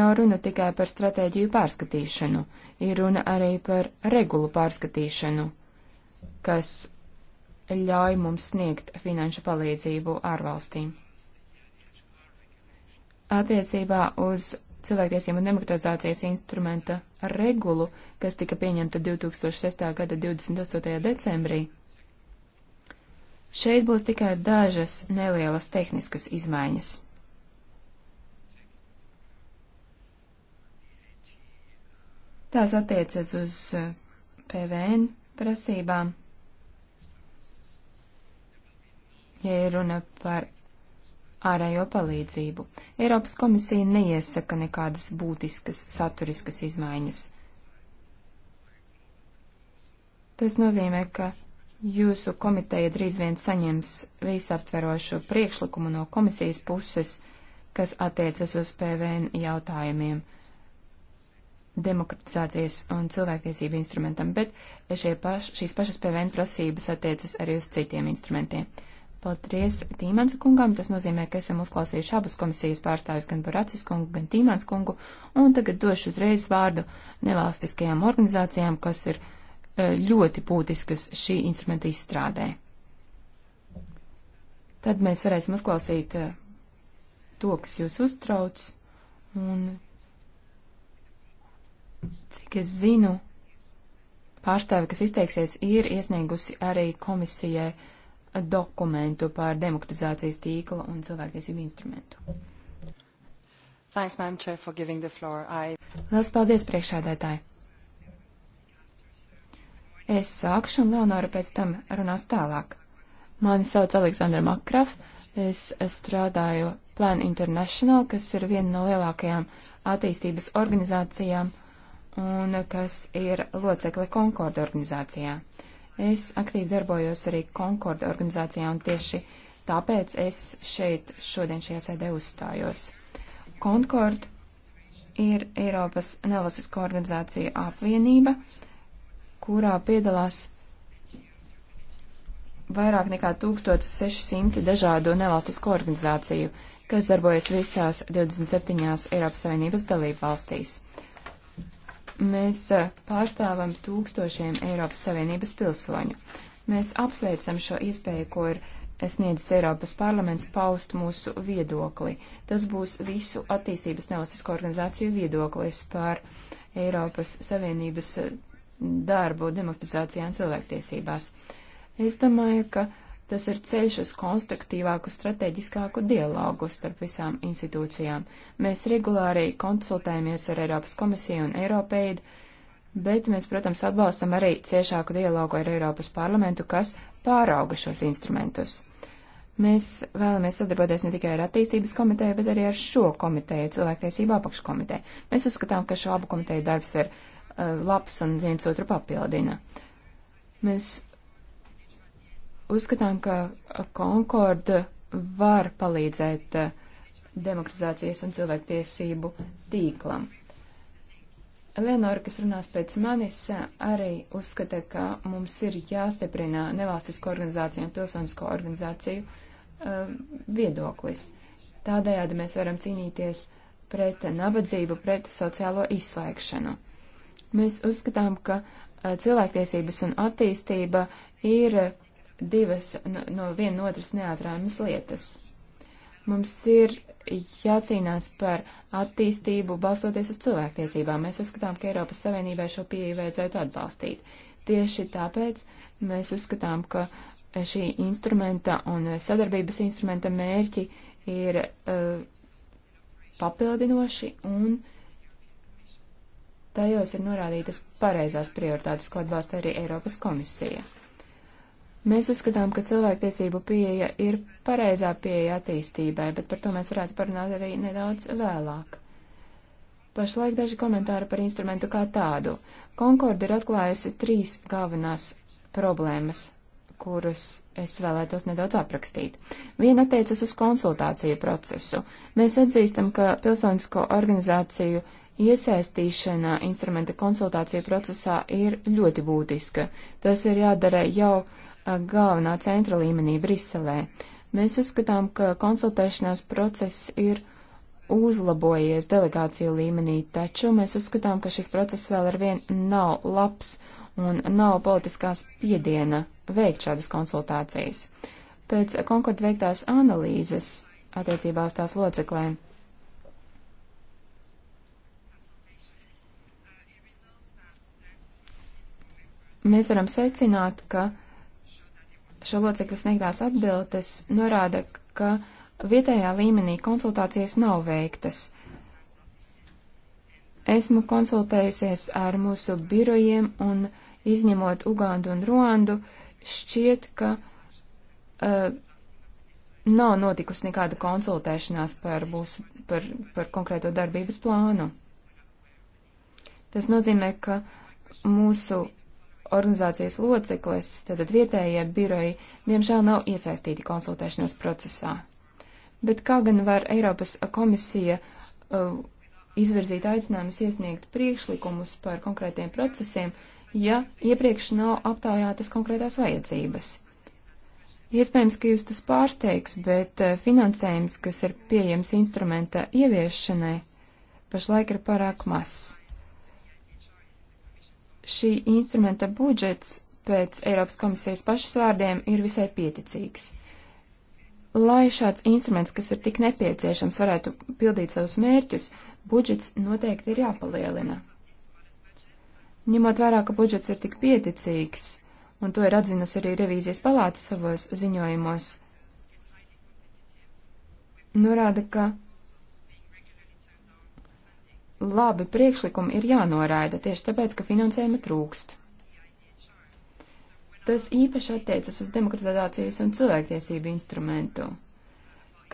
nav runa tikai par stratēģiju pārskatīšanu, ir runa arī par regulu pārskatīšanu, kas ļauj mums sniegt finanšu palīdzību ārvalstīm. Attiecībā uz cilvēktiesību un demokratizācijas instrumenta regulu, kas tika pieņemta 2006. gada 28. decembrī. Šeit būs tikai dažas nelielas tehniskas izmaiņas. Tās attiecas uz uh, PVN prasībām, ja ir runa par ārējo palīdzību. Eiropas komisija neiesaka nekādas būtiskas saturiskas izmaiņas. Tas nozīmē, ka jūsu komiteja drīz vien saņems visaptverošu priekšlikumu no komisijas puses, kas attiecas uz PVN jautājumiem demokratizācijas un cilvēktiesību instrumentam, bet paš, šīs pašas PVN prasības attiecas arī uz citiem instrumentiem. Paldies Tīmens kungam. Tas nozīmē, ka esam uzklausījuši abas komisijas pārstāvis gan Baracis kungu, gan Tīmens kungu. Un tagad došu uzreiz vārdu nevalstiskajām organizācijām, kas ir e, ļoti būtiskas šī instrumenta izstrādē. Tad mēs varēsim uzklausīt e, to, kas jūs uztrauc. Un cik es zinu, pārstāvi, kas izteiksies, ir iesniegusi arī komisijai dokumentu par demokratizācijas tīklu un cilvēktiesību instrumentu. Thanks, Madam Chair, for giving the floor. I... Lielas paldies, priekšādētāji. Es sākšu, un Leonora pēc tam runās tālāk. Mani sauc Aleksandra Makraf, es strādāju Plan International, kas ir viena no lielākajām attīstības organizācijām un kas ir locekle Concord organizācijā. Uh, Es aktīvi darbojos arī Concord organizācijā un tieši tāpēc es šeit šodien šajā sēdē uzstājos. Concord ir Eiropas nevalstisko organizāciju apvienība, kurā piedalās vairāk nekā 1600 dažādu nevalstisko organizāciju, kas darbojas visās 27 Eiropas Savienības dalību valstīs. Mēs eh, pārstāvam tūkstošiem Eiropas Savienības pilsoņu. Mēs apsveicam šo iespēju, ko ir sniedzis Eiropas parlaments paust mūsu viedokli. Tas būs visu attīstības nevalstisko organizāciju viedoklis par Eiropas Savienības eh, darbu demokratizācijā un cilvēktiesībās. Es domāju, ka Tas ir ceļš uz konstruktīvāku, strateģiskāku dialogu starp visām institūcijām. Mēs regulāri konsultējamies ar Eiropas komisiju un Eiropeidu, bet mēs, protams, atbalstam arī ciešāku dialogu ar Eiropas parlamentu, kas pārauga šos instrumentus. Mēs vēlamies sadarboties ne tikai ar attīstības komiteju, bet arī ar šo komiteju, cilvēktiesību apakškomiteju. Mēs uzskatām, ka šo abu komiteju darbs ir uh, labs un viens otru papildina. Mēs Uzskatām, ka Konkord var palīdzēt eh, demokratizācijas un cilvēktiesību tīklam. Leonora, kas runās pēc manis, arī uzskata, ka mums ir jāstiprina nevalstisko organizāciju un pilsonisko organizāciju uh, viedoklis. Tādējādi mēs varam cīnīties pret nabadzību, pret sociālo izslēgšanu. Mēs uzskatām, ka uh, cilvēktiesības un attīstība ir divas no, no viena otras neatrājumas lietas. Mums ir jācīnās par attīstību balstoties uz cilvēktiesībām. Mēs uzskatām, ka Eiropas Savienībai šo pieeju vajadzētu atbalstīt. Tieši tāpēc mēs uzskatām, ka šī instrumenta un sadarbības instrumenta mērķi ir uh, papildinoši un tajos ir norādītas pareizās prioritātes, ko atbalsta arī Eiropas komisija. Mēs uzskatām, ka cilvēktiesību pieeja ir pareizā pieeja attīstībai, bet par to mēs varētu parunāt arī nedaudz vēlāk. Pašlaik daži komentāri par instrumentu kā tādu. Konkorda ir atklājusi trīs galvenās problēmas, kuras es vēlētos nedaudz aprakstīt. Viena attiecas uz konsultāciju procesu. Mēs atzīstam, ka pilsonisko organizāciju iesaistīšana instrumenta konsultāciju procesā ir ļoti būtiska. Tas ir jādara jau galvenā centra līmenī Briselē. Mēs uzskatām, ka konsultēšanās process ir uzlabojies delegāciju līmenī, taču mēs uzskatām, ka šis process vēl ar vienu nav labs un nav politiskās piediena veikt šādas konsultācijas. Pēc konkurta veiktās analīzes attiecībā uz tās loceklēm. Mēs varam secināt, ka šo locekļu sniegtās atbildes norāda, ka vietējā līmenī konsultācijas nav veiktas. Esmu konsultējusies ar mūsu birojiem un izņemot Ugandu un Ruandu, šķiet, ka uh, nav notikusi nekāda konsultēšanās par, būs, par, par konkrēto darbības plānu. Tas nozīmē, ka mūsu organizācijas loceklis, tātad vietējie biroji, diemžēl nav iesaistīti konsultēšanās procesā. Bet kā gan var Eiropas komisija uh, izvirzīt aicinājumus iesniegt priekšlikumus par konkrētiem procesiem, ja iepriekš nav aptaujātas konkrētās vajadzības? Iespējams, ka jūs tas pārsteigs, bet uh, finansējums, kas ir pieejams instrumenta ieviešanai, pašlaik ir pārāk mazs. Šī instrumenta budžets pēc Eiropas komisijas pašas vārdiem ir visai pieticīgs. Lai šāds instruments, kas ir tik nepieciešams, varētu pildīt savus mērķus, budžets noteikti ir jāpalielina. Ņemot vērā, ka budžets ir tik pieticīgs, un to ir atzinusi arī revīzijas palāta savos ziņojumos, norāda, ka labi priekšlikumi ir jānoraida tieši tāpēc, ka finansējuma trūkst. Tas īpaši attiecas uz demokratizācijas un cilvēktiesību instrumentu.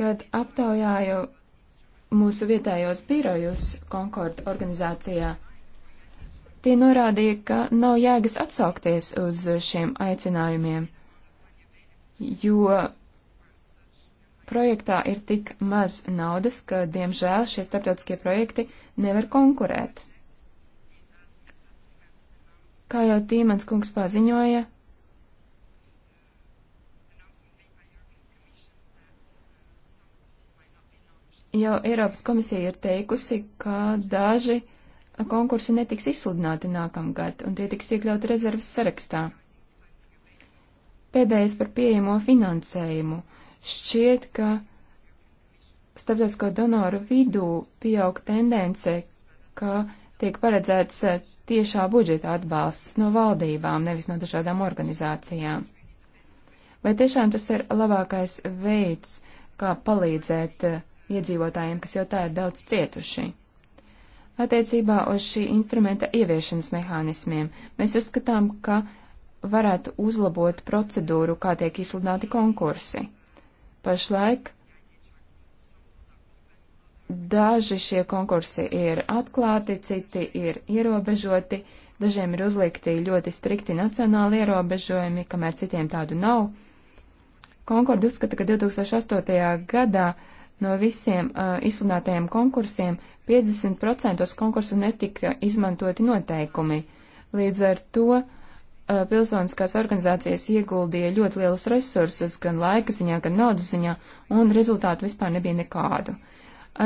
Kad aptaujāju mūsu vietējos birojus Concord organizācijā, tie norādīja, ka nav jēgas atsaukties uz šiem aicinājumiem, jo projektā ir tik maz naudas, ka, diemžēl, šie starptautiskie projekti nevar konkurēt. Kā jau Tīmans kungs paziņoja, jau Eiropas komisija ir teikusi, ka daži konkursi netiks izsludināti nākamgad, un tie tiks iekļauti rezerves sarakstā. Pēdējais par pieejamo finansējumu. Uh, Šķiet, ka starptautisko donoru vidū pieaug tendence, ka tiek paredzēts eh, tiešā budžeta atbalsts no valdībām, nevis no dažādām organizācijām. Vai tiešām tas ir labākais veids, kā palīdzēt eh, iedzīvotājiem, kas jau tā ir daudz cietuši? Attiecībā uz šī instrumenta ieviešanas mehānismiem mēs uzskatām, ka varētu uzlabot procedūru, kā tiek izsludināti konkursi. Pašlaik daži šie konkursi ir atklāti, citi ir ierobežoti, dažiem ir uzlikti ļoti strikti nacionāli ierobežojumi, kamēr citiem tādu nav. Konkorda uzskata, ka 2008. gadā no visiem uh, izsludinātajiem konkursiem 50% konkursu netika izmantoti noteikumi. Līdz ar to uh, Uh, pilsoniskās organizācijas ieguldīja ļoti lielus resursus gan laika ziņā, gan naudas ziņā, un rezultātu vispār nebija nekādu.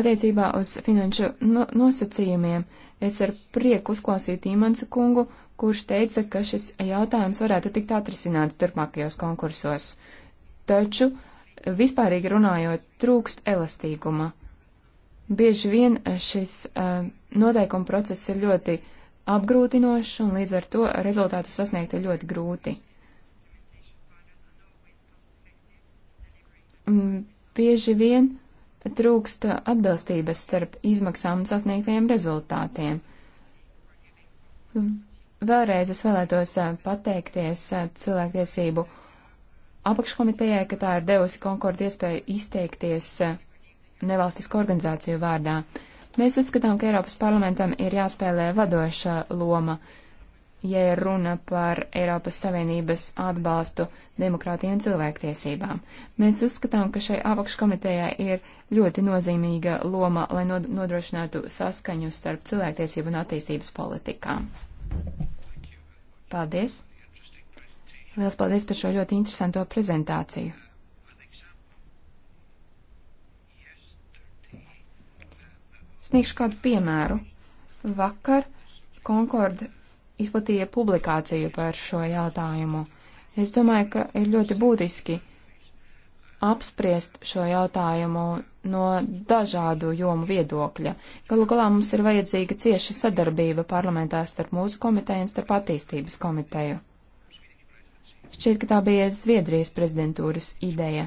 Attiecībā uz finanšu no nosacījumiem es ar prieku uzklausīju Tīmansa kungu, kurš teica, ka šis jautājums varētu tikt atrisināts turpmākajos konkursos. Taču, vispārīgi runājot, trūkst elastīguma. Bieži vien šis uh, noteikuma process ir ļoti uh, apgrūtinošs, un līdz ar to rezultātu sasniegt ir ļoti grūti. Bieži vien trūkst atbilstības starp izmaksām un sasniegtajiem rezultātiem. Vēlreiz es vēlētos pateikties cilvēktiesību apakškomitejai, ka tā ir devusi Konkordu iespēju izteikties nevalstisko organizāciju vārdā. Uh, Mēs uzskatām, ka Eiropas parlamentam ir jāspēlē vadošā loma, ja ir runa par Eiropas Savienības atbalstu demokrātiem un cilvēktiesībām. Mēs uzskatām, ka šai apakškomitejai ir ļoti nozīmīga loma, lai nodrošinātu saskaņu starp cilvēktiesību un attīstības politikām. Paldies! Liels paldies par šo ļoti interesanto prezentāciju! Sniegšu kādu piemēru. Vakar Concord izplatīja publikāciju par šo jautājumu. Es domāju, ka ir ļoti būtiski apspriest šo jautājumu no dažādu jomu viedokļa. Galu galā mums ir vajadzīga cieša sadarbība parlamentā starp mūsu komiteju un starp attīstības komiteju. Šķiet, ka tā bija Zviedrijas prezidentūras ideja.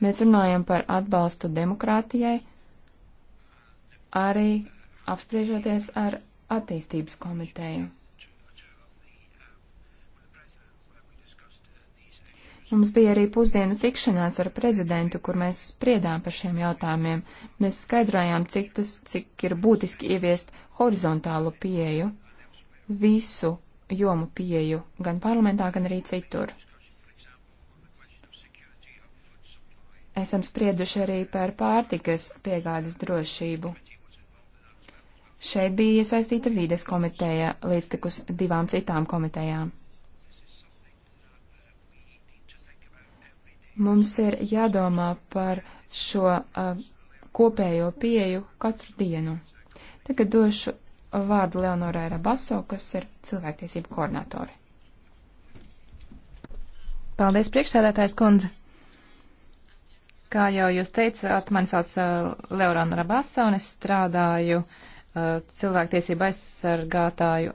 Mēs runājam par atbalstu demokrātijai arī apspriežoties ar attīstības komiteju. Mums bija arī pusdienu tikšanās ar prezidentu, kur mēs spriedām par šiem jautājumiem. Mēs skaidrojām, cik, tas, cik ir būtiski ieviest horizontālu pieeju, visu jomu pieeju, gan parlamentā, gan arī citur. Esam sprieduši arī par pārtikas piegādes drošību. Šeit bija iesaistīta vides komiteja līdztekus divām citām komitejām. Mums ir jādomā par šo uh, kopējo pieju katru dienu. Tagad došu vārdu Leonorai Rabaso, kas ir cilvēktiesību koordinātori. Paldies, priekšsēdētājs kundze! Kā jau jūs teicāt, mani sauc Leorana Rabasa un es strādāju uh, Uh, cilvēktiesība aizsargātāju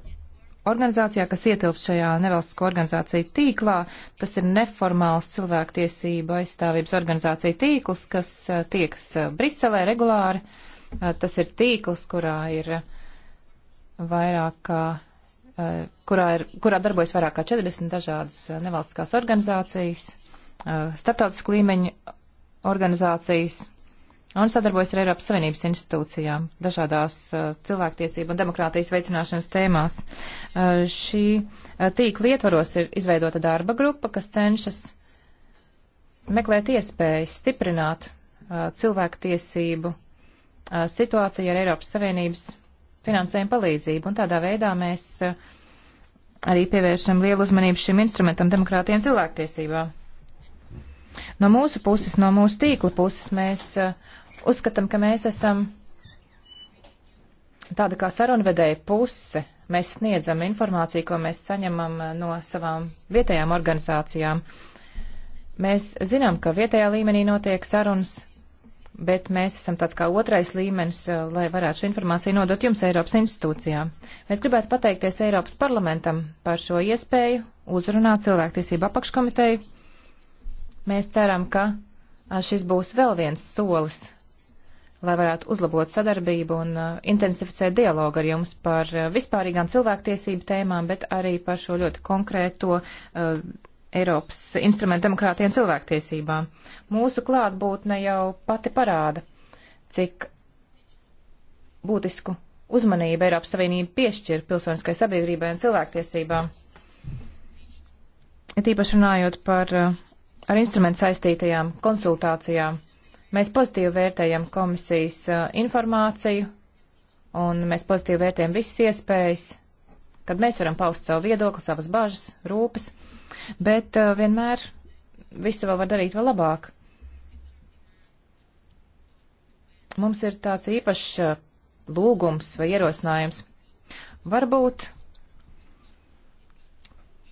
organizācijā, kas ietilpst šajā nevalstisko organizāciju tīklā. Tas ir neformāls cilvēktiesība aizstāvības organizācija tīkls, kas uh, tiekas uh, Briselē regulāri. Tas ir tīkls, kurā ir vairāk kā kurā, ir, kurā darbojas vairāk kā 40 dažādas nevalstiskās organizācijas, starptautisku līmeņu organizācijas, un sadarbojas ar Eiropas Savienības institūcijām dažādās uh, cilvēktiesību un demokrātijas veicināšanas tēmās. Uh, šī uh, tīkla ietvaros ir izveidota darba grupa, kas cenšas meklēt iespējas stiprināt uh, cilvēktiesību uh, situāciju ar Eiropas Savienības finansējumu palīdzību, un tādā veidā mēs uh, arī pievēršam lielu uzmanību šim instrumentam demokrātiem cilvēktiesībām. No mūsu puses, no mūsu tīkla puses mēs uh, Uzskatām, ka mēs esam tāda kā sarunvedēja puse. Mēs sniedzam informāciju, ko mēs saņemam eh, no savām vietējām organizācijām. Mēs zinām, ka vietējā līmenī notiek sarunas, bet mēs esam tāds kā otrais līmenis, eh, lai varētu šo informāciju nodot jums Eiropas institūcijām. Mēs gribētu pateikties Eiropas parlamentam par šo iespēju uzrunāt cilvēktiesību apakškomiteju. Mēs ceram, ka eh, šis būs vēl viens solis lai varētu uzlabot sadarbību un uh, intensificēt dialogu ar jums par uh, vispārīgām cilvēktiesību tēmām, bet arī par šo ļoti konkrēto uh, Eiropas instrumentu demokrātiem cilvēktiesībām. Mūsu klātbūtne jau pati parāda, cik būtisku uzmanību Eiropas Savienība piešķir pilsoniskai sabiedrībai un cilvēktiesībām. Tīpaši runājot par uh, ar instrumentu saistītajām konsultācijām Mēs pozitīvi vērtējam komisijas informāciju un mēs pozitīvi vērtējam visas iespējas, kad mēs varam paust savu viedokli, savas bažas, rūpes, bet vienmēr visu vēl var darīt vēl labāk. Mums ir tāds īpašs lūgums vai ierosinājums. Varbūt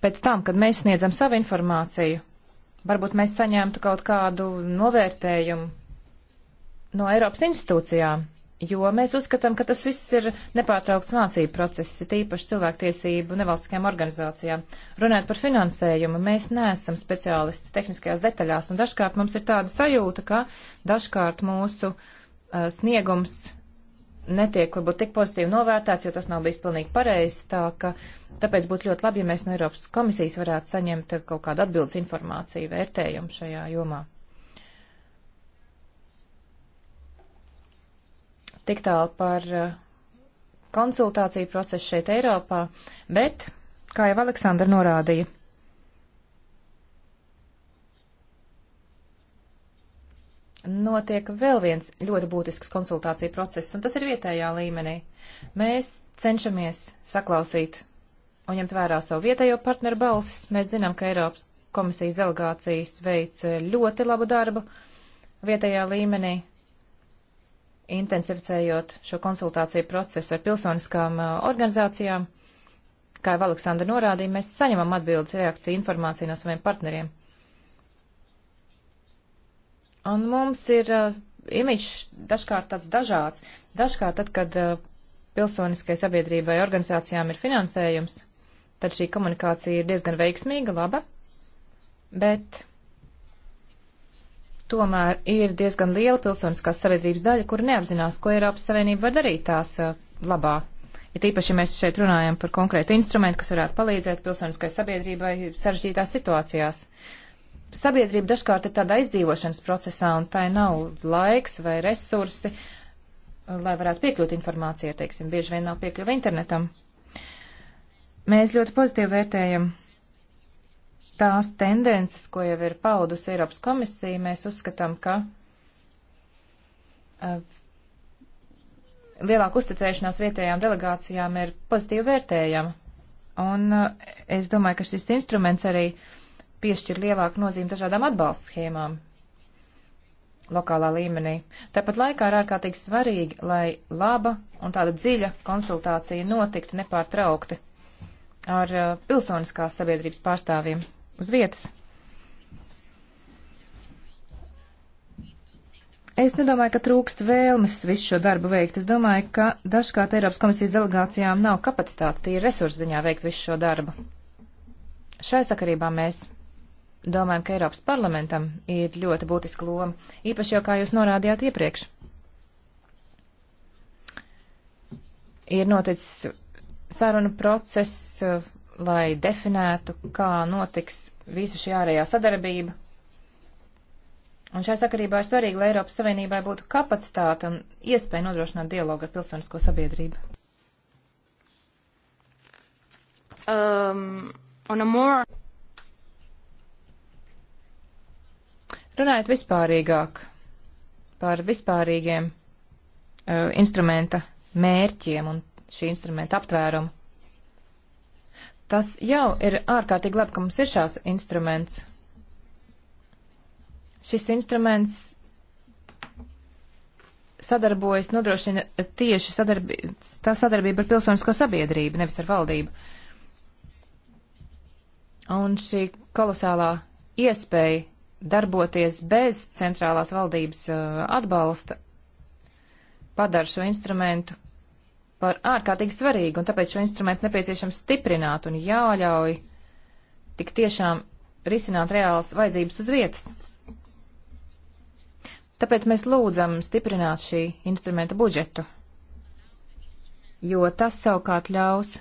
pēc tam, kad mēs sniedzam savu informāciju, varbūt mēs saņemtu kaut kādu novērtējumu no Eiropas institūcijām, jo mēs uzskatām, ka tas viss ir nepārtraukts mācību process, ir īpaši cilvēktiesību nevalstiskajām organizācijām. Runājot par finansējumu, mēs neesam speciālisti tehniskajās detaļās, un dažkārt mums ir tāda sajūta, ka dažkārt mūsu uh, sniegums netiek varbūt tik pozitīvi novērtēts, jo tas nav bijis pilnīgi pareizi, tā ka tāpēc būtu ļoti labi, ja mēs no Eiropas komisijas varētu saņemt kaut kādu atbildes informāciju, vērtējumu šajā jomā. Tik tālu par eh, konsultāciju procesu šeit Eiropā, bet, kā jau Aleksandra norādīja, notiek vēl viens ļoti būtisks konsultāciju process, un tas ir vietējā līmenī. Mēs cenšamies saklausīt un ņemt vērā savu vietējo partneru balsis. Mēs zinām, ka Eiropas komisijas delegācijas veic eh, ļoti labu darbu vietējā līmenī, intensificējot šo konsultāciju procesu ar pilsoniskām uh, organizācijām. Kā jau Aleksandra norādīja, mēs saņemam atbildes reakciju informāciju no saviem partneriem. Un mums ir uh, imidžs dažkārt tāds dažāds. Dažkārt tad, kad uh, pilsoniskai sabiedrībai organizācijām ir finansējums, tad šī komunikācija ir diezgan veiksmīga, laba, bet tomēr ir diezgan liela pilsoniskās sabiedrības daļa, kur neapzinās, ko Eiropas Savienība var darīt tās uh, labā. Ja tīpaši, ja mēs šeit runājam par konkrētu instrumentu, kas varētu palīdzēt pilsoniskai sabiedrībai sarežģītās situācijās. Sabiedrība dažkārt ir tādā izdzīvošanas procesā, un tai nav laiks vai resursi, eh, lai varētu piekļūt informācijai, teiksim, bieži vien nav piekļuva internetam. Mēs ļoti pozitīvi vērtējam tās tendences, ko jau ir paudusi Eiropas komisija, mēs uzskatām, ka uh, lielāka uzticēšanās vietējām delegācijām ir pozitīvi vērtējama. Un uh, es domāju, ka šis instruments arī piešķir lielāku nozīmi dažādām atbalsta schēmām lokālā līmenī. Tāpat laikā ir ārkārtīgi svarīgi, lai laba un tāda dziļa konsultācija notiktu nepārtraukti ar uh, pilsoniskās sabiedrības pārstāvjiem uz vietas. Es nedomāju, ka trūkst vēlmes visu šo darbu veikt. Es domāju, ka dažkārt Eiropas komisijas delegācijām nav kapacitātes, tie ir resursu ziņā veikt visu šo darbu. Šai sakarībā mēs domājam, ka Eiropas parlamentam ir ļoti būtiska loma, īpaši jau kā jūs norādījāt iepriekš. Ir noticis saruna process lai definētu, kā notiks visa šī ārējā sadarbība. Un šajā sakarībā ir svarīgi, lai Eiropas Savienībai būtu kapacitāte un iespēja nodrošināt dialogu ar pilsonisko sabiedrību. Um, more... Runājot vispārīgāk par vispārīgiem uh, instrumenta mērķiem un šī instrumenta aptvērumu. Tas jau ir ārkārtīgi labi, ka mums ir šāds instruments. Šis instruments sadarbojas, nodrošina tieši sadarbi, tā sadarbība ar pilsonisko sabiedrību, nevis ar valdību. Un šī kolosālā iespēja darboties bez centrālās valdības uh, atbalsta padara šo instrumentu par ārkārtīgi svarīgu, un tāpēc šo instrumentu nepieciešams stiprināt un jāļauj tik tiešām risināt reālas vajadzības uz vietas. Tāpēc mēs lūdzam stiprināt šī instrumenta budžetu, jo tas savukārt ļaus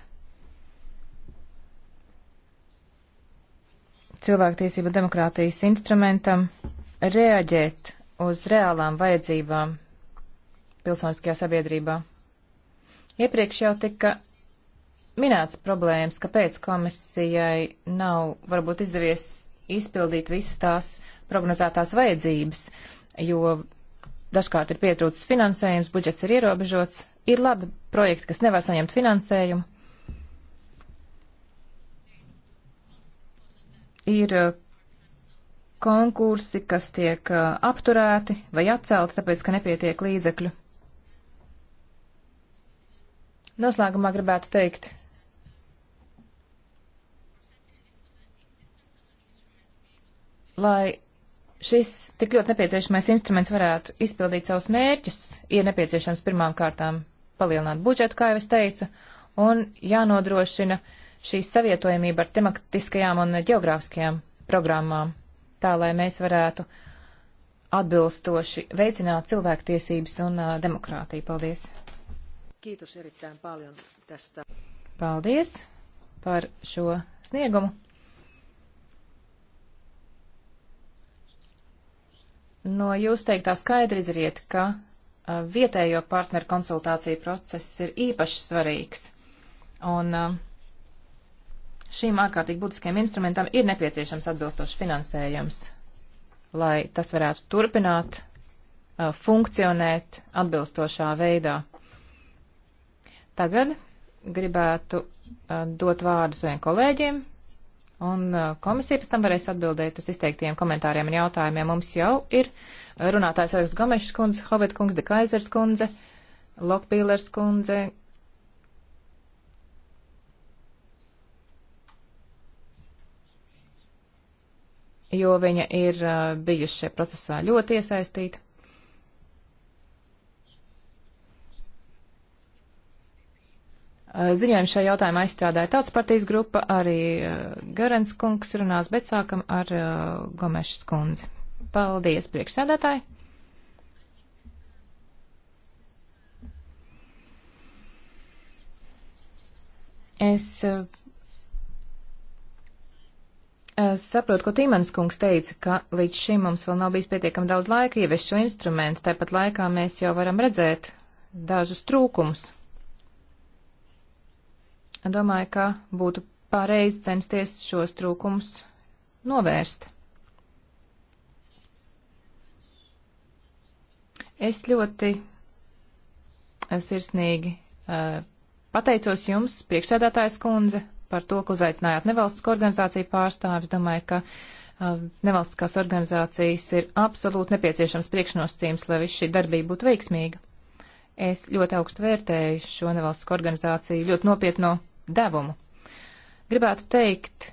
cilvēktiesību demokrātijas instrumentam reaģēt uz reālām vajadzībām pilsoniskajā sabiedrībā. Iepriekš jau tika minēts problēmas, kāpēc komisijai nav varbūt izdevies izpildīt visas tās prognozētās vajadzības, jo dažkārt ir pietrūcis finansējums, budžets ir ierobežots, ir labi projekti, kas nevar saņemt finansējumu. Ir uh, konkursi, kas tiek uh, apturēti vai atcelti, tāpēc, ka nepietiek līdzekļu. Noslēgumā gribētu teikt, lai šis tik ļoti nepieciešamais instruments varētu izpildīt savus mērķus, ir nepieciešams pirmām kārtām palielināt budžetu, kā jau es teicu, un jānodrošina šī savietojamība ar tematiskajām un geogrāfiskajām programmām, tā lai mēs varētu atbilstoši veicināt cilvēktiesības un uh, demokrātiju. Paldies! Kiitos erittäin paljon tästä. Paldies par šo sniegumu. No jūs teiktā skaidri izriet, ka a, vietējo partneru konsultāciju process ir īpaši svarīgs. Un a, šīm ārkārtīgi būtiskiem instrumentam ir nepieciešams atbilstošs finansējums, lai tas varētu turpināt a, funkcionēt atbilstošā veidā. Tagad gribētu uh, dot vārdu saviem kolēģiem, un uh, komisija pēc tam varēs atbildēt uz izteiktiem komentāriem un jautājumiem. Mums jau ir runātājs raksts Gomešs kundze, Hovet kungs, De Kaisers kundze, Lokpīlers kundze. jo viņa ir uh, bijuši šajā procesā ļoti iesaistīta. Eh, Ziņojumu šajā jautājumā aizstrādāja tautas partijas grupa, arī eh, Garens kungs runās, bet sākam ar eh, Gomešas kundzi. Paldies, priekšsēdētāji! Es Es saprotu, ko Tīmans kungs teica, ka līdz šim mums vēl nav bijis pietiekami daudz laika ieviest šo instrumentu, tāpat laikā mēs jau varam redzēt dažus trūkumus. Domāju, ka būtu pareizi censties šos trūkumus novērst. Es ļoti eh, sirsnīgi eh, pateicos jums, priekšsēdētājs kundze, par to, ka uzaicinājāt nevalstisko organizāciju pārstāvis. Domāju, ka uh, nevalstiskās organizācijas ir absolūti nepieciešams priekšnosacījums, lai viss šī darbība būtu veiksmīga. Es ļoti augstu vērtēju šo nevalstisko organizāciju, ļoti nopietno devumu. Gribētu teikt,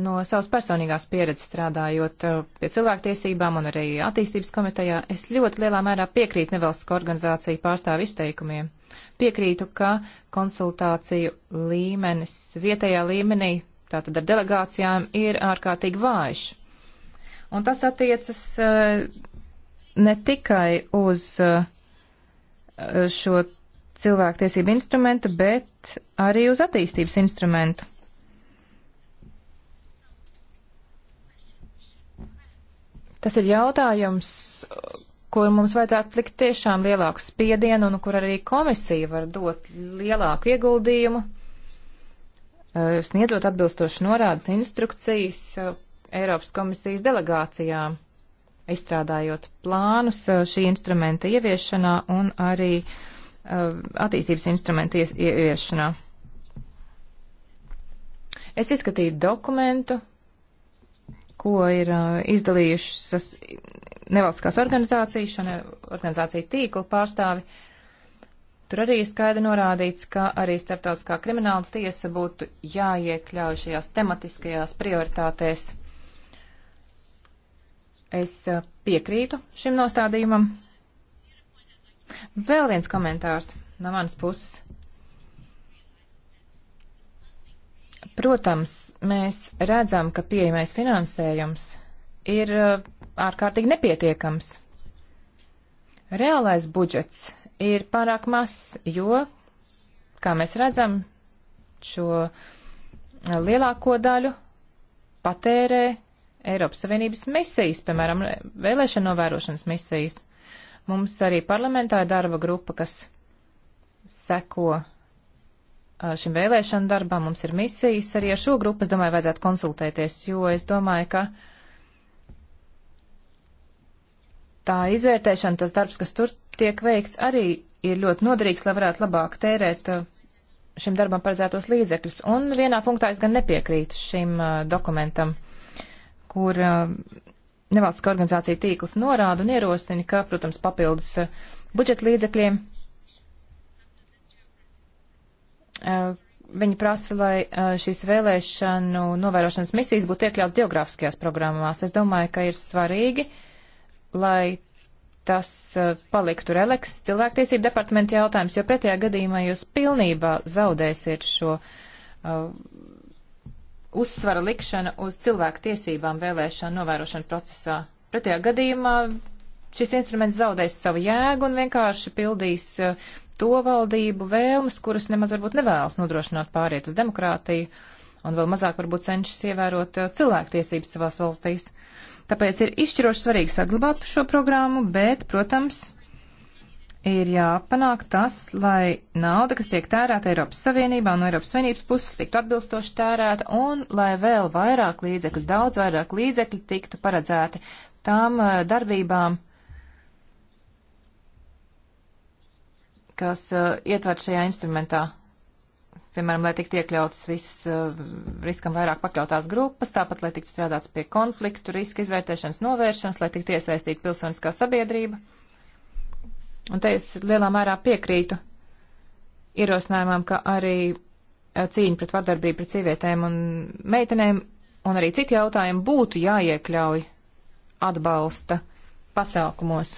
no savas personīgās pieredzes strādājot uh, pie cilvēktiesībām un arī attīstības komitejā, es ļoti lielā mērā piekrītu nevalstisko organizāciju pārstāvu izteikumiem. Piekrītu, ka konsultāciju līmenis vietējā līmenī, tātad ar delegācijām, ir ārkārtīgi vājš. Un tas attiecas uh, ne tikai uz uh, šo cilvēktiesību instrumentu, bet arī uz attīstības instrumentu. Tas ir jautājums, kur mums vajadzētu likt tiešām lielāku spiedienu un kur arī komisija var dot lielāku ieguldījumu, eh, sniedzot atbilstoši norādes instrukcijas eh, Eiropas komisijas delegācijām, izstrādājot plānus eh, šī instrumenta ieviešanā un arī uh, Uh, attīstības instrumentu ieviešanā. Es izskatīju dokumentu, ko ir uh, izdalījušas nevalstiskās organizācijas, šana organizācija tīkla pārstāvi. Tur arī ir skaidri norādīts, ka arī starptautiskā krimināla tiesa būtu jāiekļauj šajās tematiskajās prioritātēs. Es uh, piekrītu šim nostādījumam. Vēl viens komentārs no manas puses. Protams, mēs redzam, ka pieejamais finansējums ir uh, ārkārtīgi nepietiekams. Reālais budžets ir pārāk mazs, jo, kā mēs redzam, šo uh, lielāko daļu patērē Eiropas Savienības misijas, piemēram, vēlēšana novērošanas misijas. Mums arī parlamentā ir darba grupa, kas seko šim vēlēšanu darbam, mums ir misijas. Arī ar šo grupu, es domāju, vajadzētu konsultēties, jo es domāju, ka tā izvērtēšana, tas darbs, kas tur tiek veikts, arī ir ļoti noderīgs, lai varētu labāk tērēt šim darbam paredzētos līdzekļus. Un vienā punktā es gan nepiekrītu šim dokumentam, kur nevalstiskā organizācija tīkls norāda un ierosina, ka, protams, papildus eh, budžeta līdzekļiem eh, viņi prasa, lai eh, šīs vēlēšanu novērošanas misijas būtu iekļautas geogrāfiskajās programmās. Es domāju, ka ir svarīgi, lai tas paliktu releks cilvēktiesību departamenta jautājums, jo pretējā gadījumā jūs pilnībā zaudēsiet šo uh, uzsvara likšana uz cilvēku tiesībām vēlēšanu novērošanu procesā. Pretējā gadījumā šis instruments zaudēs savu jēgu un vienkārši pildīs eh, to valdību vēlmes, kuras nemaz varbūt nevēlas nodrošināt pāriet uz demokrātiju un vēl mazāk varbūt cenšas ievērot eh, cilvēktiesības savās valstīs. Tāpēc ir izšķiroši svarīgi saglabāt šo programmu, bet, protams, ir jāpanāk tas, lai nauda, kas tiek tērēta Eiropas Savienībā un no Eiropas Savienības puses, tiktu atbilstoši tērēta un lai vēl vairāk līdzekļu, daudz vairāk līdzekļu tiktu paredzēti tām uh, darbībām, kas uh, eh, ietver šajā instrumentā. Piemēram, lai tiktu iekļautas visas uh, riskam vairāk pakļautās grupas, tāpat, lai tiktu strādāts pie konfliktu, riska izvērtēšanas novēršanas, lai tiktu iesaistīta pilsoniskā sabiedrība. Uh, Un te es lielā mērā piekrītu ierosinājumam, ka arī e, cīņa pret vardarbību pret sievietēm un meitenēm un arī citi jautājumi būtu jāiekļauj atbalsta pasākumos.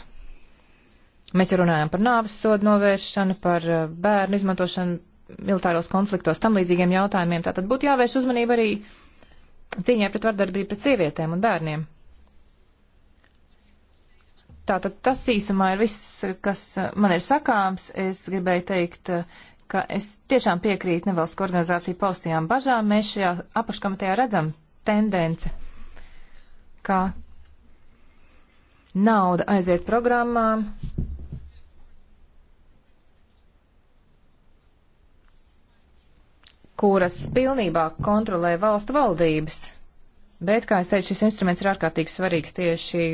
Mēs jau runājam par nāves sodu novēršanu, par e, bērnu izmantošanu militāros konfliktos, tam līdzīgiem jautājumiem. Tātad būtu jāvērš uzmanība arī cīņai pret vardarbību pret sievietēm un bērniem. Tātad tas īsumā ir viss, kas uh, man ir sakāms. Es gribēju teikt, uh, ka es tiešām piekrītu nevalstu organizāciju paustajām bažām. Mēs šajā apakškomitejā redzam tendenci, ka nauda aiziet programmām. kuras pilnībā kontrolē valstu valdības. Bet, kā es teicu, šis instruments ir ārkārtīgi svarīgs tieši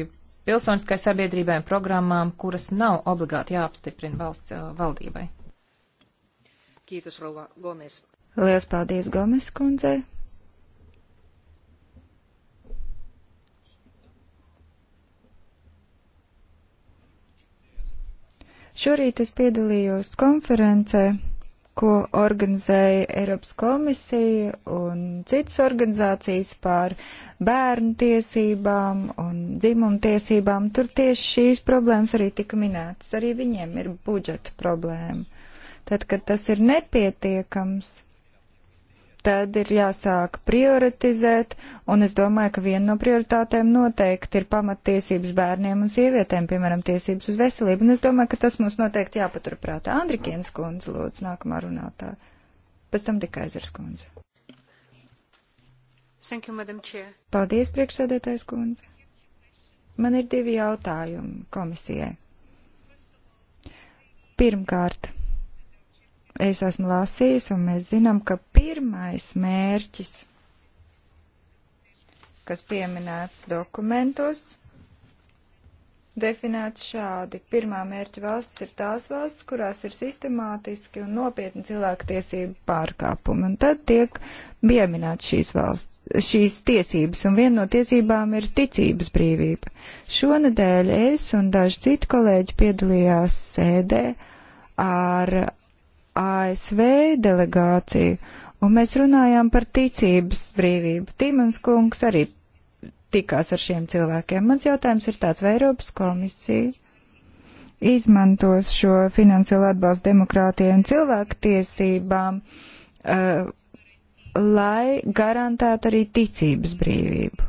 pilsoniskai sabiedrībai un programmām, kuras nav obligāti jāapstiprina valsts uh, valdībai. Kītus, Rova Gomes. Lielas paldies Gomes kundzei. Šorīt es piedalījos konferencē ko organizēja Eiropas komisija un citas organizācijas par bērnu tiesībām un dzimumu tiesībām. Tur tieši šīs problēmas arī tika minētas. Arī viņiem ir budžeta problēma. Tad, kad tas ir nepietiekams, tad ir jāsāk prioritizēt, un es domāju, ka viena no prioritātēm noteikti ir pamattiesības bērniem un sievietēm, piemēram, tiesības uz veselību, un es domāju, ka tas mums noteikti jāpaturprātā. Andrikienas kundze, lūdzu, nākamā runātā. Pēc tam tikai Aizers kundze. Thank you, Madam Chair. Paldies, priekšsēdētājs kundze. Man ir divi jautājumi komisijai. Pirmkārt. Es esmu lasījusi, un mēs zinām, ka pirmais mērķis, kas pieminēts dokumentos, definēts šādi. Pirmā mērķa valsts ir tās valsts, kurās ir sistemātiski un nopietni cilvēktiesību pārkāpumi, un tad tiek pieminēts šīs valsts šīs tiesības, un viena no tiesībām ir ticības brīvība. Šonadēļ es un daži citi kolēģi piedalījās sēdē ar ASV delegāciju, un mēs runājām par ticības brīvību. Tīmans kungs arī tikās ar šiem cilvēkiem. Mans jautājums ir tāds, vai Eiropas komisija izmantos šo finansiālo atbalstu demokrātijai un cilvēku tiesībām, uh, eh, lai garantētu arī ticības brīvību.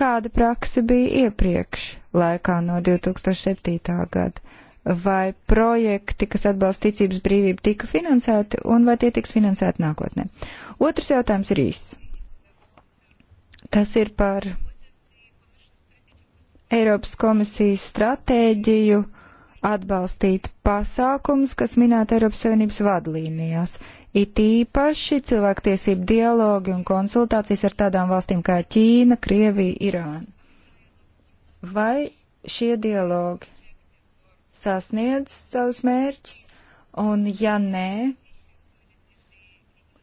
Kāda praksa bija iepriekš laikā no 2007. gada? vai projekti, kas atbalsta ticības brīvību, tika finansēti un vai tie tiks finansēti nākotnē. Otrs jautājums ir īsts. Tas ir par Eiropas komisijas stratēģiju atbalstīt pasākums, kas minēta Eiropas Savienības vadlīnijās, it īpaši cilvēktiesību dialogi un konsultācijas ar tādām valstīm kā Ķīna, Krievija, Irāna. Vai šie dialogi sasniedz savus mērķus, un ja nē,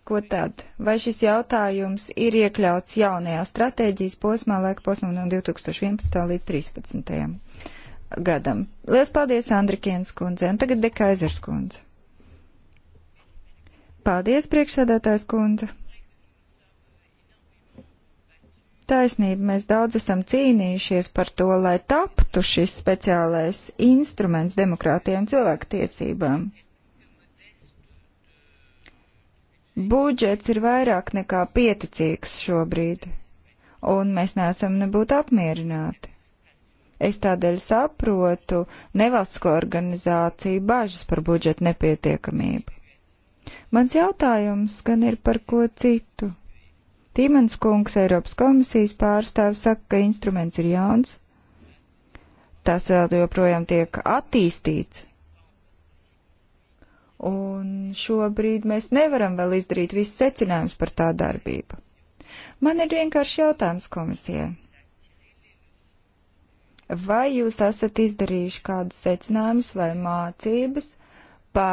ko tad? Vai šis jautājums ir iekļauts jaunajā stratēģijas posmā, laika posmā no 2011. līdz 2013. gadam? Lielas paldies Andrikienas kundze, un tagad Dekaizers kundze. Paldies, priekšsēdētājs kundze! taisnība, mēs daudz esam cīnījušies par to, lai taptu šis speciālais instruments demokrātiem un cilvēktiesībām. Budžets ir vairāk nekā pieticīgs šobrīd, un mēs neesam nebūtu apmierināti. Es tādēļ saprotu nevalstisko organizāciju bažas par budžeta nepietiekamību. Mans jautājums gan ir par ko citu. Tīmans kungs, Eiropas komisijas pārstāvis, saka, ka instruments ir jauns. Tas vēl joprojām tiek attīstīts. Un šobrīd mēs nevaram vēl izdarīt visu secinājumus par tā darbību. Man ir vienkārši jautājums komisijai. Vai jūs esat izdarījuši kādus secinājumus vai mācības, pa,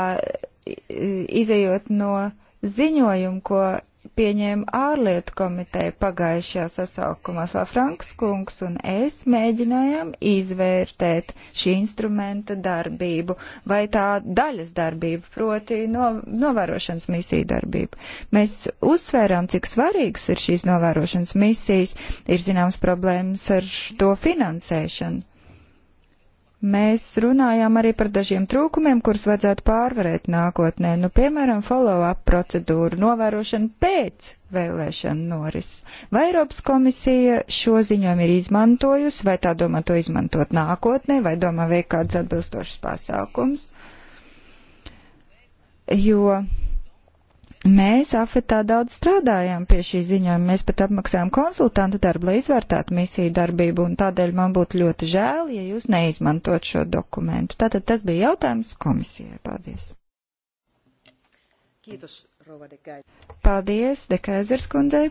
izējot no ziņojuma, ko pieņēma ārlietu komiteja pagājušajā sasaukumā. Safranks kungs un es mēģinājām izvērtēt šī instrumenta darbību vai tā daļas darbību, proti no, novērošanas misiju darbību. Mēs uzsvērām, cik svarīgs ir šīs novērošanas misijas, ir zināms problēmas ar to finansēšanu Mēs runājām arī par dažiem trūkumiem, kurus vajadzētu pārvarēt nākotnē, nu, piemēram, follow-up procedūru, novērošanu pēc vēlēšana norises. Vai Eiropas komisija šo ziņojumu ir izmantojusi, vai tā domā to izmantot nākotnē, vai domā veikt kādus atbilstošus pasākums? Jo Mēs afetā daudz strādājām pie šī ziņojuma, mēs pat apmaksājām konsultanta darbu, lai izvērtētu misiju darbību, un tādēļ man būtu ļoti žēl, ja jūs neizmantot šo dokumentu. Tātad tas bija jautājums komisijai. Paldies. Kītos, Rova Dekai. Paldies, Dekaizers kundzei.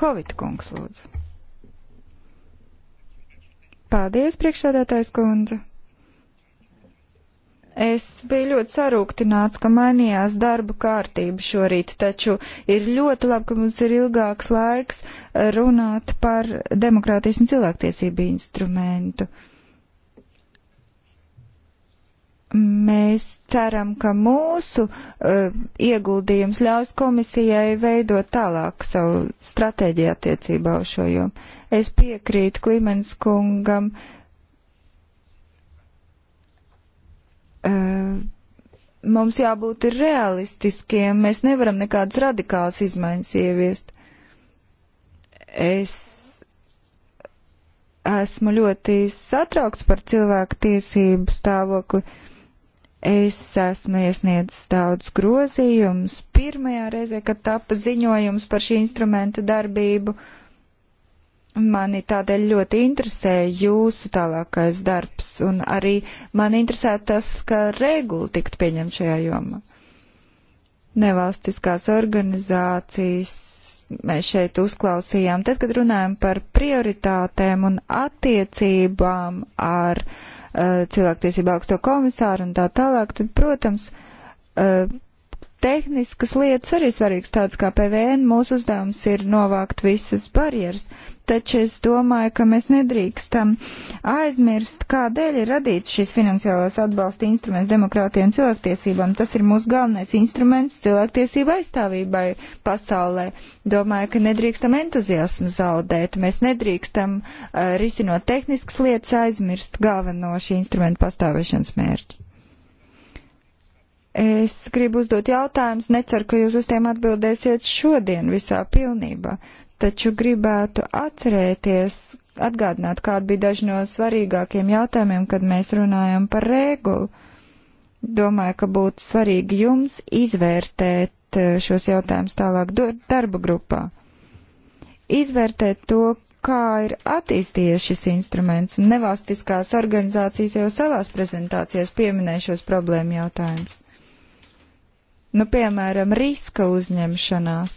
Hovita kungs, lūdzu. Paldies, priekšsēdētājs kundze. Es biju ļoti sarūktināts, ka mainījās darba kārtība šorīt, taču ir ļoti labi, ka mums ir ilgāks laiks runāt par demokrātijas un cilvēktiesību instrumentu. Mēs ceram, ka mūsu uh, ieguldījums ļaus komisijai veidot tālāk savu stratēģiju attiecībā uz šo jomu. Es piekrītu Klimens kungam. Uh, Uh, mums jābūt realistiskiem, mēs nevaram nekādas radikālas izmaiņas ieviest. Es esmu ļoti satraukts par cilvēku tiesību stāvokli. Es esmu iesniedzis daudz grozījumus. Pirmajā reizē, kad tapa ziņojums par šī instrumenta darbību, uh, Mani tādēļ ļoti interesē jūsu tālākais darbs, un arī mani interesē tas, ka regula tikt pieņemta šajā jomā. Nevalstiskās organizācijas mēs šeit uzklausījām, tad, kad runājam par prioritātēm un attiecībām ar uh, cilvēktiesību augsto komisāru un tā tālāk, tad, protams, uh, tehniskas lietas arī svarīgas, tādas kā PVN. Mūsu uzdevums ir novākt visas barjeras, taču es domāju, ka mēs nedrīkstam aizmirst, kādēļ ir radīts šis finansiālās atbalsta instruments demokrātiem un cilvēktiesībām. Tas ir mūsu galvenais instruments cilvēktiesību aizstāvībai pasaulē. Domāju, ka nedrīkstam entuziasmu zaudēt, mēs nedrīkstam uh, risinot tehniskas lietas aizmirst galveno šī instrumenta pastāvēšanas mērķi. Es gribu uzdot jautājumus, neceru, ka jūs uz tiem atbildēsiet šodien visā pilnībā, taču gribētu atcerēties, atgādināt, kādi bija daži no svarīgākiem jautājumiem, kad mēs runājam par regulu. Domāju, ka būtu svarīgi jums izvērtēt eh, šos jautājumus tālāk darba grupā. Izvērtēt to, kā ir attīstījies šis instruments, un nevalstiskās organizācijas jau savās prezentācijās pieminēja šos problēmu jautājumus. Nu, piemēram, riska uzņemšanās.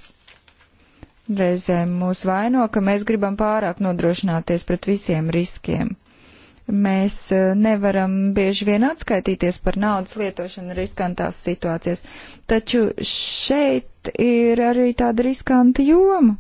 Reizēm mūs vaino, ka mēs gribam pārāk nodrošināties pret visiem riskiem. Mēs e, nevaram bieži vien atskaitīties par naudas lietošanu riskantās situācijas, taču šeit ir arī tāda riskanta joma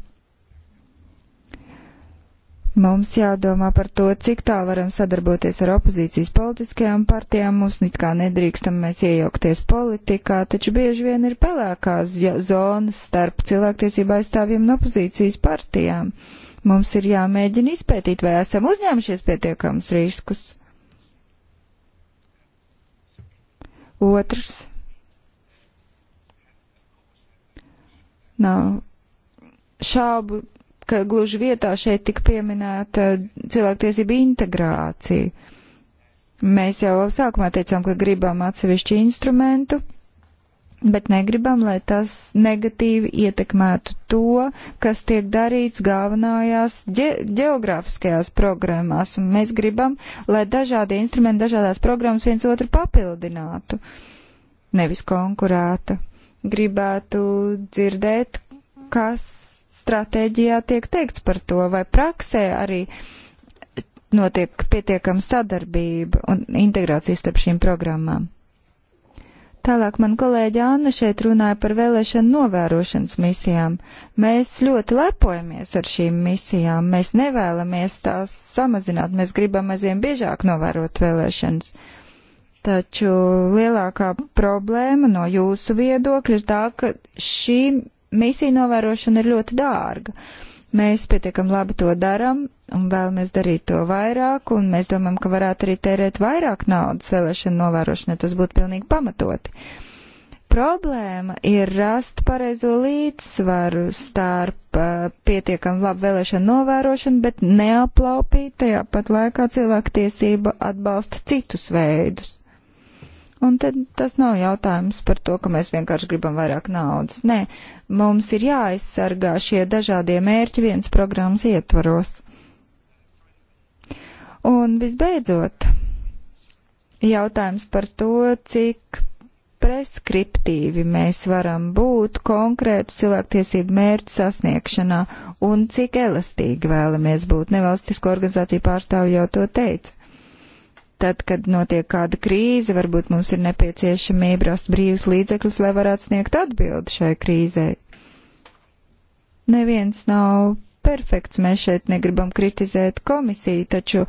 Mums jādomā par to, cik tālu varam sadarboties ar opozīcijas politiskajām partijām. Mums it kā nedrīkstam mēs iejaukties politikā, taču bieži vien ir pelēkās zonas starp cilvēktiesību aizstāvjiem un opozīcijas partijām. Mums ir jāmēģina izpētīt, vai esam uzņēmušies pietiekams riskus. Otrs. Nav šaubu ka gluži vietā šeit tik pieminēta cilvēktiesība integrācija. Mēs jau sākumā teicām, ka gribam atsevišķu instrumentu, bet negribam, lai tas negatīvi ietekmētu to, kas tiek darīts galvenajās ge geogrāfiskajās programmās, un mēs gribam, lai dažādi instrumenti dažādās programmas viens otru papildinātu, nevis konkurētu. Gribētu dzirdēt, kas stratēģijā tiek teikts par to, vai praksē arī notiek pietiekama sadarbība un integrācija starp šīm programmām. Tālāk man kolēģi Anna šeit runāja par vēlēšanu novērošanas misijām. Mēs ļoti lepojamies ar šīm misijām, mēs nevēlamies tās samazināt, mēs gribam aizvien biežāk novērot vēlēšanas. Taču lielākā problēma no jūsu viedokļa ir tā, ka šīm misija novērošana ir ļoti dārga. Mēs pietiekam labi to daram un vēlamies darīt to vairāk, un mēs domājam, ka varētu arī tērēt vairāk naudas vēlēšana novērošanai. Tas būtu pilnīgi pamatoti. Problēma ir rast pareizo līdzsvaru starp uh, pietiekam labu vēlēšanu novērošanu, bet neaplaupīt tajā pat laikā cilvēku tiesība atbalsta citus veidus. Un tad tas nav jautājums par to, ka mēs vienkārši gribam vairāk naudas. Nē, mums ir jāaizsargā šie dažādie mērķi viens programmas ietvaros. Un visbeidzot, jautājums par to, cik preskriptīvi mēs varam būt konkrētu cilvēktiesību mērķu sasniegšanā un cik elastīgi vēlamies būt. Nevalstisko organizāciju pārstāvju jau to teica Tad, kad notiek kāda krīze, varbūt mums ir nepieciešamība rast brīvus līdzekļus, lai varētu sniegt atbildi šai krīzē. Neviens nav perfekts. Mēs šeit negribam kritizēt komisiju, taču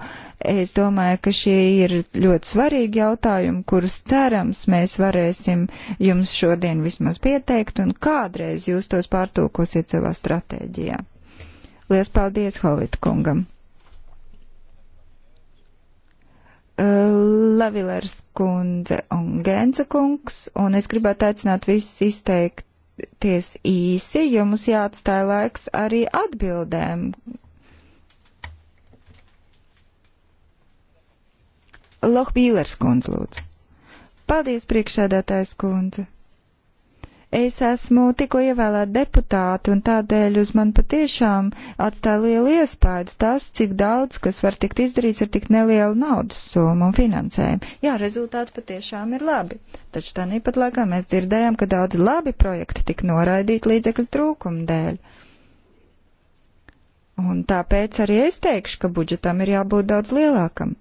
es domāju, ka šie ir ļoti svarīgi jautājumi, kurus cerams mēs varēsim jums šodien vismaz pieteikt un kādreiz jūs tos pārtulkosiet savā stratēģijā. Lielas paldies Hovita kungam! Lavilers kundze un Gēnca kungs, un es gribētu aicināt visus izteikties īsi, jo mums jāatstāja laiks arī atbildēm. Lohbīlers kundze, lūdzu. Paldies, priekšsēdētājs kundze. Es esmu tikko ievēlēta deputāte, un tādēļ uz man patiešām atstāja lielu iespaidu tas, cik daudz, kas var tikt izdarīts ar tik nelielu naudas summu un finansējumu. Jā, rezultāti patiešām ir labi. Taču tā nīpat laikā mēs dzirdējām, ka daudz labi projekti tika noraidīti līdzekļu trūkumu dēļ. Un tāpēc arī es teikšu, ka budžetam ir jābūt daudz lielākam.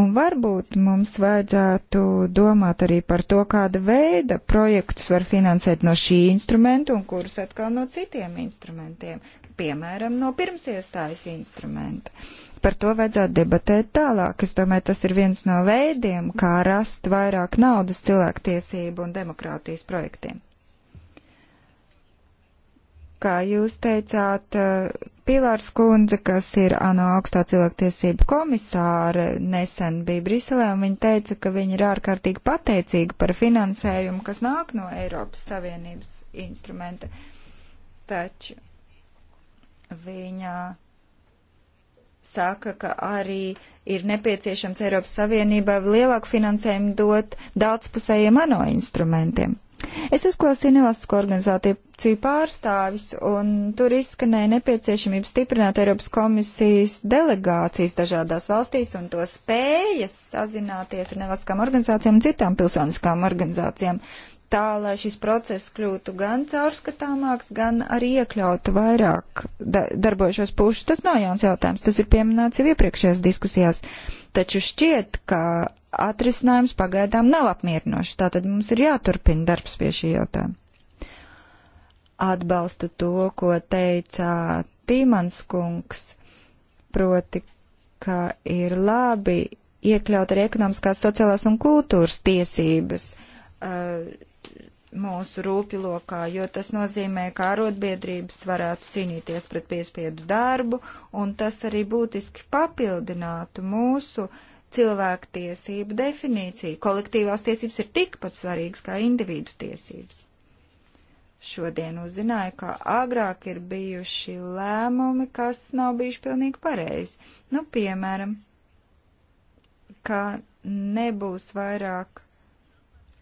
Un varbūt mums vajadzētu domāt arī par to, kāda veida projektus var finansēt no šī instrumenta un kurus atkal no citiem instrumentiem, piemēram, no pirmsiestājas instrumenta par to vajadzētu debatēt tālāk. Es domāju, tas ir viens no veidiem, kā rast vairāk naudas cilvēktiesību un demokrātijas projektiem kā jūs teicāt, eh, Pilārs Kundze, kas ir ANO augstā cilvēktiesība komisāra, nesen bija Briselē, un viņa teica, ka viņa ir ārkārtīgi pateicīga par finansējumu, kas nāk no Eiropas Savienības instrumenta. Taču viņa saka, ka arī ir nepieciešams Eiropas Savienībai lielāku finansējumu dot daudzpusējiem ANO instrumentiem. Es uzklausīju nevalstisko organizāciju pārstāvis, un tur izskanēja nepieciešamība stiprināt Eiropas komisijas delegācijas dažādās valstīs un to spējas sazināties ar nevalstiskām organizācijām un citām pilsoniskām organizācijām tā, lai šis process kļūtu gan caurskatāmāks, gan arī iekļautu vairāk da darbojušos pušu. Tas nav jauns jautājums, tas ir pieminēts jau iepriekšējās diskusijās. Taču šķiet, ka atrisinājums pagaidām nav apmierinošs. Tātad mums ir jāturpina darbs pie šī jautājuma. Atbalstu to, ko teica Tīmans kungs, proti, ka ir labi iekļaut arī ekonomiskās, sociālās un kultūras tiesības uh, mūsu rūpilokā, jo tas nozīmē, ka arotbiedrības varētu cīnīties pret piespiedu darbu, un tas arī būtiski papildinātu mūsu cilvēktiesību definīciju. Kolektīvās tiesības ir tikpat svarīgas kā individu tiesības. Šodien uzzināju, ka agrāk ir bijuši lēmumi, kas nav bijuši pilnīgi pareizi. Nu, piemēram, ka nebūs vairāk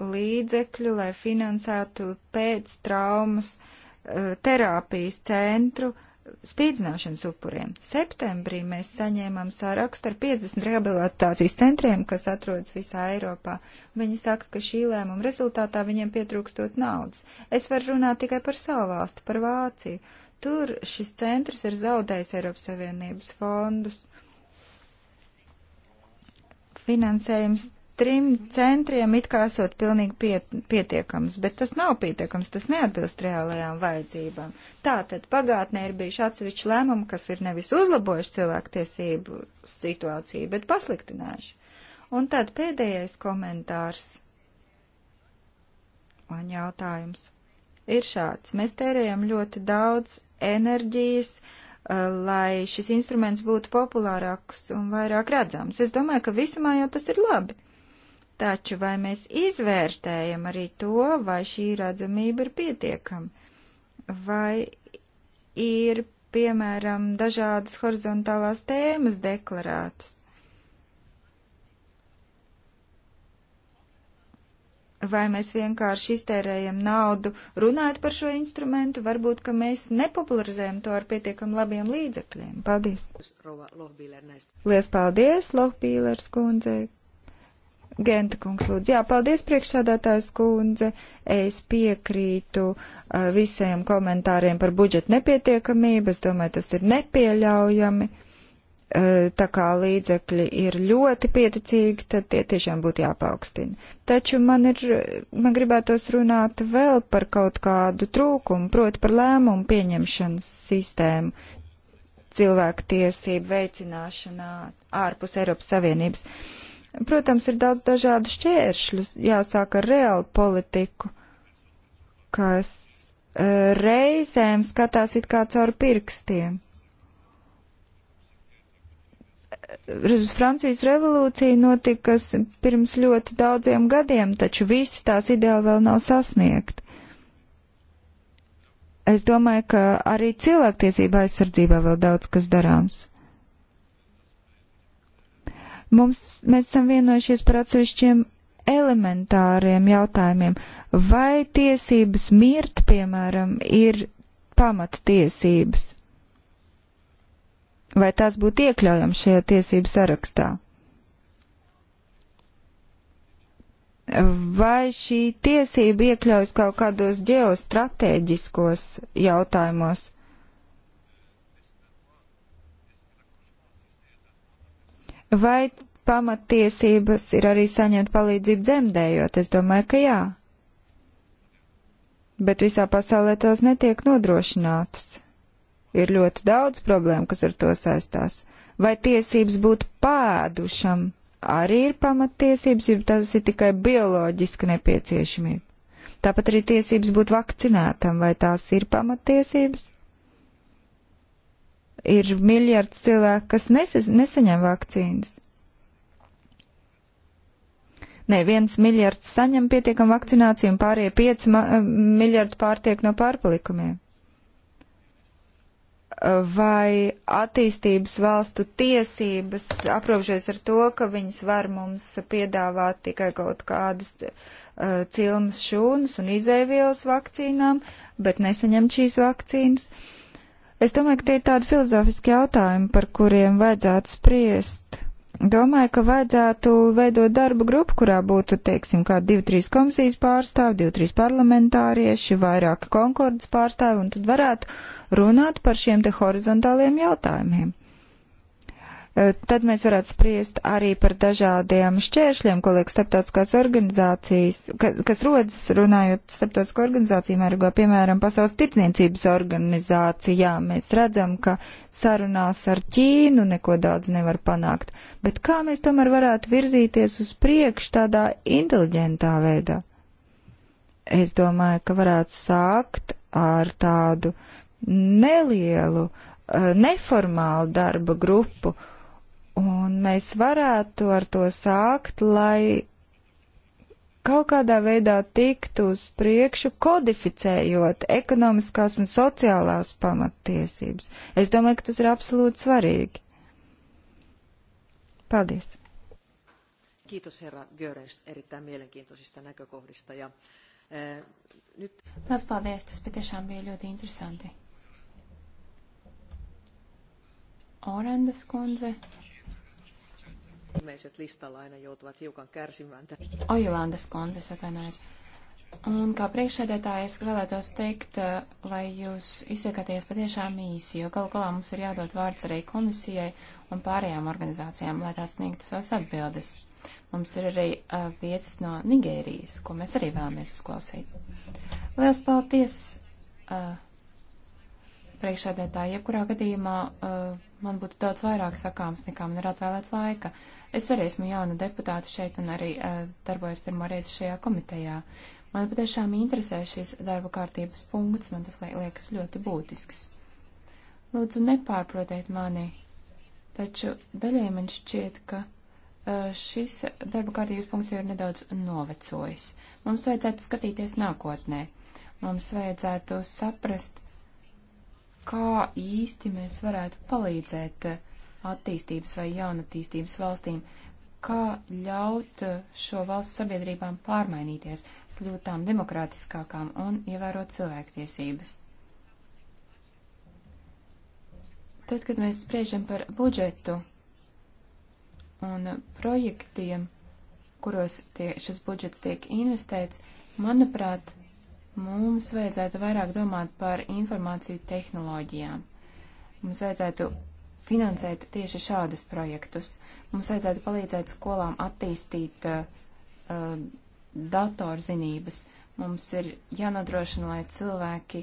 līdzekļu, lai finansētu pēc traumas eh, terapijas centru spīdzināšanas upuriem. Septembrī mēs saņēmām sārakstu ar 50 rehabilitācijas centriem, kas atrodas visā Eiropā. Viņi saka, ka šī lēmuma rezultātā viņiem pietrūkstot naudas. Es varu runāt tikai par savu valsti, par Vāciju. Tur šis centrs ir zaudējis Eiropas Savienības fondus. Finansējums trim centriem it kā esot pilnīgi piet, pietiekams, bet tas nav pietiekams, tas neatbilst reālajām vajadzībām. Tātad pagātnē ir bijuši atsevišķi lēmumi, kas ir nevis uzlabojuši cilvēktiesību situāciju, bet pasliktinājuši. Un tad pēdējais komentārs man jautājums ir šāds. Mēs tērējam ļoti daudz enerģijas, uh, lai šis instruments būtu populārāks un vairāk redzams. Es domāju, ka visumā jau tas ir labi. Taču vai mēs izvērtējam arī to, vai šī redzamība ir pietiekama? Vai ir, piemēram, dažādas horizontālās tēmas deklarētas? Vai mēs vienkārši iztērējam naudu runāt par šo instrumentu, varbūt, ka mēs nepopularizējam to ar pietiekam labiem līdzekļiem. Paldies! Lies paldies, Lohbīlers kundzei! Genta kungs, lūdzu. Jā, paldies priekšsādātājs kundze. Es piekrītu uh, visiem komentāriem par budžeta nepietiekamību. Es domāju, tas ir nepieļaujami. Uh, tā kā līdzekļi ir ļoti pieticīgi, tad tie tiešām būtu jāpaukstina. Taču man ir, man gribētos runāt vēl par kaut kādu trūkumu, proti par lēmumu pieņemšanas sistēmu cilvēku tiesību veicināšanā ārpus Eiropas Savienības. Uh, Protams, ir daudz dažādu šķēršļu, jāsāk ar reālu politiku, kas e, reizēm skatās it kā caur pirkstiem. E, Francijas revolūcija notika pirms ļoti daudziem gadiem, taču visi tās ideāli vēl nav sasniegti. Es domāju, ka arī cilvēktiesība aizsardzībā vēl daudz kas darāms. Mums, mēs esam vienojušies par atsevišķiem elementāriem jautājumiem. Vai tiesības mirt, piemēram, ir pamattiesības? Vai tās būtu iekļaujams šajā tiesību sarakstā? Vai šī tiesība iekļaujas kaut kādos ģeostrateģiskos jautājumos? Vai pamatiesības ir arī saņemt palīdzību dzemdējot? Es domāju, ka jā. Bet visā pasaulē tās netiek nodrošinātas. Ir ļoti daudz problēmu, kas ar to saistās. Vai tiesības būt pēdušam arī ir pamatiesības, ja tas ir tikai bioloģiska nepieciešamība? Tāpat arī tiesības būt vakcinētam, vai tās ir pamatiesības? ir miljards cilvēku, kas nesa, nesaņem vakcīnas. Nē, viens miljards saņem pietiekam vakcināciju un pārējie pieci eh, miljardi pārtiek no pārpalikumiem. Vai attīstības valstu tiesības aprobežojas ar to, ka viņas var mums piedāvāt tikai kaut kādas uh, eh, cilmas šūnas un izēvielas vakcīnām, bet nesaņemt šīs vakcīnas? Uh, Es domāju, ka tie ir tādi filozofiski jautājumi, par kuriem vajadzētu spriest. Domāju, ka vajadzētu veidot darbu grupu, kurā būtu, teiksim, kā divi, trīs komisijas pārstāvi, divi, trīs parlamentārieši, vairāki konkordas pārstāvi, un tad varētu runāt par šiem te horizontāliem jautājumiem. Eh, tad mēs varētu spriest arī par dažādiem šķēršļiem, ko liek starptautiskās organizācijas, kas, kas rodas runājot starptautisko organizāciju mērogā, piemēram, Pasaules ticniecības organizācijā. Mēs redzam, ka sarunās ar Ķīnu neko daudz nevar panākt, bet kā mēs tomēr varētu virzīties uz priekšu tādā inteliģentā veidā? Es domāju, ka varētu sākt ar tādu nelielu, eh, neformālu darba grupu, Un mēs varētu ar to sākt, lai kaut kādā veidā tiktu uz priekšu, kodificējot ekonomiskās un sociālās pamattiesības. Es domāju, ka tas ir absolūti svarīgi. Paldies! Kiitos herra Göres erittäin mielenkiintoisista näkökohdista. Ja, e, nyt... Lās paldies, tas patiešām bija ļoti interesanti. Orandas kundze, Ilmeiset listalla aina joutuvat hiukan kärsimään. Ojilandes konzes atvainojas. Un kā priekšsēdētāji es vēlētos teikt, eh, lai jūs izsakaties patiešām īsi, jo galu galā mums ir jādod vārds arī komisijai un pārējām organizācijām, lai tās sniegtu savas atbildes. Mums ir arī uh, viesis no Nigērijas, ko mēs arī vēlamies uzklausīt. Lielas paldies! Uh, priekšādētāji. Jebkurā gadījumā uh, man būtu daudz vairāk sakāms, nekā man ir atvēlēts laika. Es arī esmu jauna deputāta šeit un arī uh, darbojos pirmo reizi šajā komitejā. Man patiešām interesē šis darba kārtības punkts, man tas liekas ļoti būtisks. Lūdzu, nepārprotiet mani, taču daļai man šķiet, ka uh, šis darba kārtības punkts jau ir nedaudz novecojis. Mums vajadzētu skatīties nākotnē. Mums vajadzētu saprast, kā īsti mēs varētu palīdzēt eh, attīstības vai jaunatīstības valstīm, kā ļaut eh, šo valstu sabiedrībām pārmainīties, kļūt tām demokrātiskākām un ievērot cilvēktiesības. Tad, kad mēs spriežam par budžetu un projektiem, kuros tie, šis budžets tiek investēts, manuprāt, Mums vajadzētu vairāk domāt par informāciju tehnoloģijām. Mums vajadzētu finansēt tieši šādus projektus. Mums vajadzētu palīdzēt skolām attīstīt uh, uh datorzinības. Mums ir jānodrošina, lai cilvēki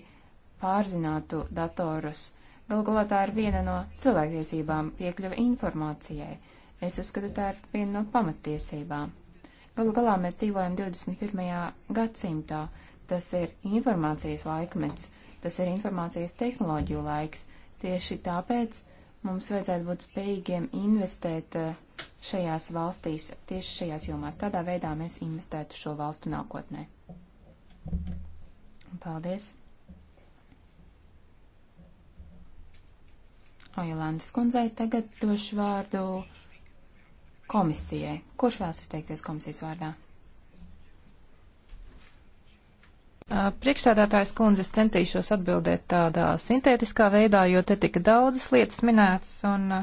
pārzinātu datorus. Galu galā tā ir viena no cilvēktiesībām piekļuva informācijai. Es uzskatu, tā ir viena no pamatiesībām. Galu galā mēs dzīvojam 21. gadsimtā. Tas ir informācijas laikmets, tas ir informācijas tehnoloģiju laiks. Tieši tāpēc mums vajadzētu būt spējīgiem investēt eh, šajās valstīs, tieši šajās jomās. Tādā veidā mēs investētu šo valstu nākotnē. Paldies! Ojolandes kundzei tagad došu vārdu komisijai. Kurš vēlas izteikties komisijas vārdā? Priekšsēdētājs kundzes centīšos atbildēt tādā sintētiskā veidā, jo te tika daudzas lietas minētas un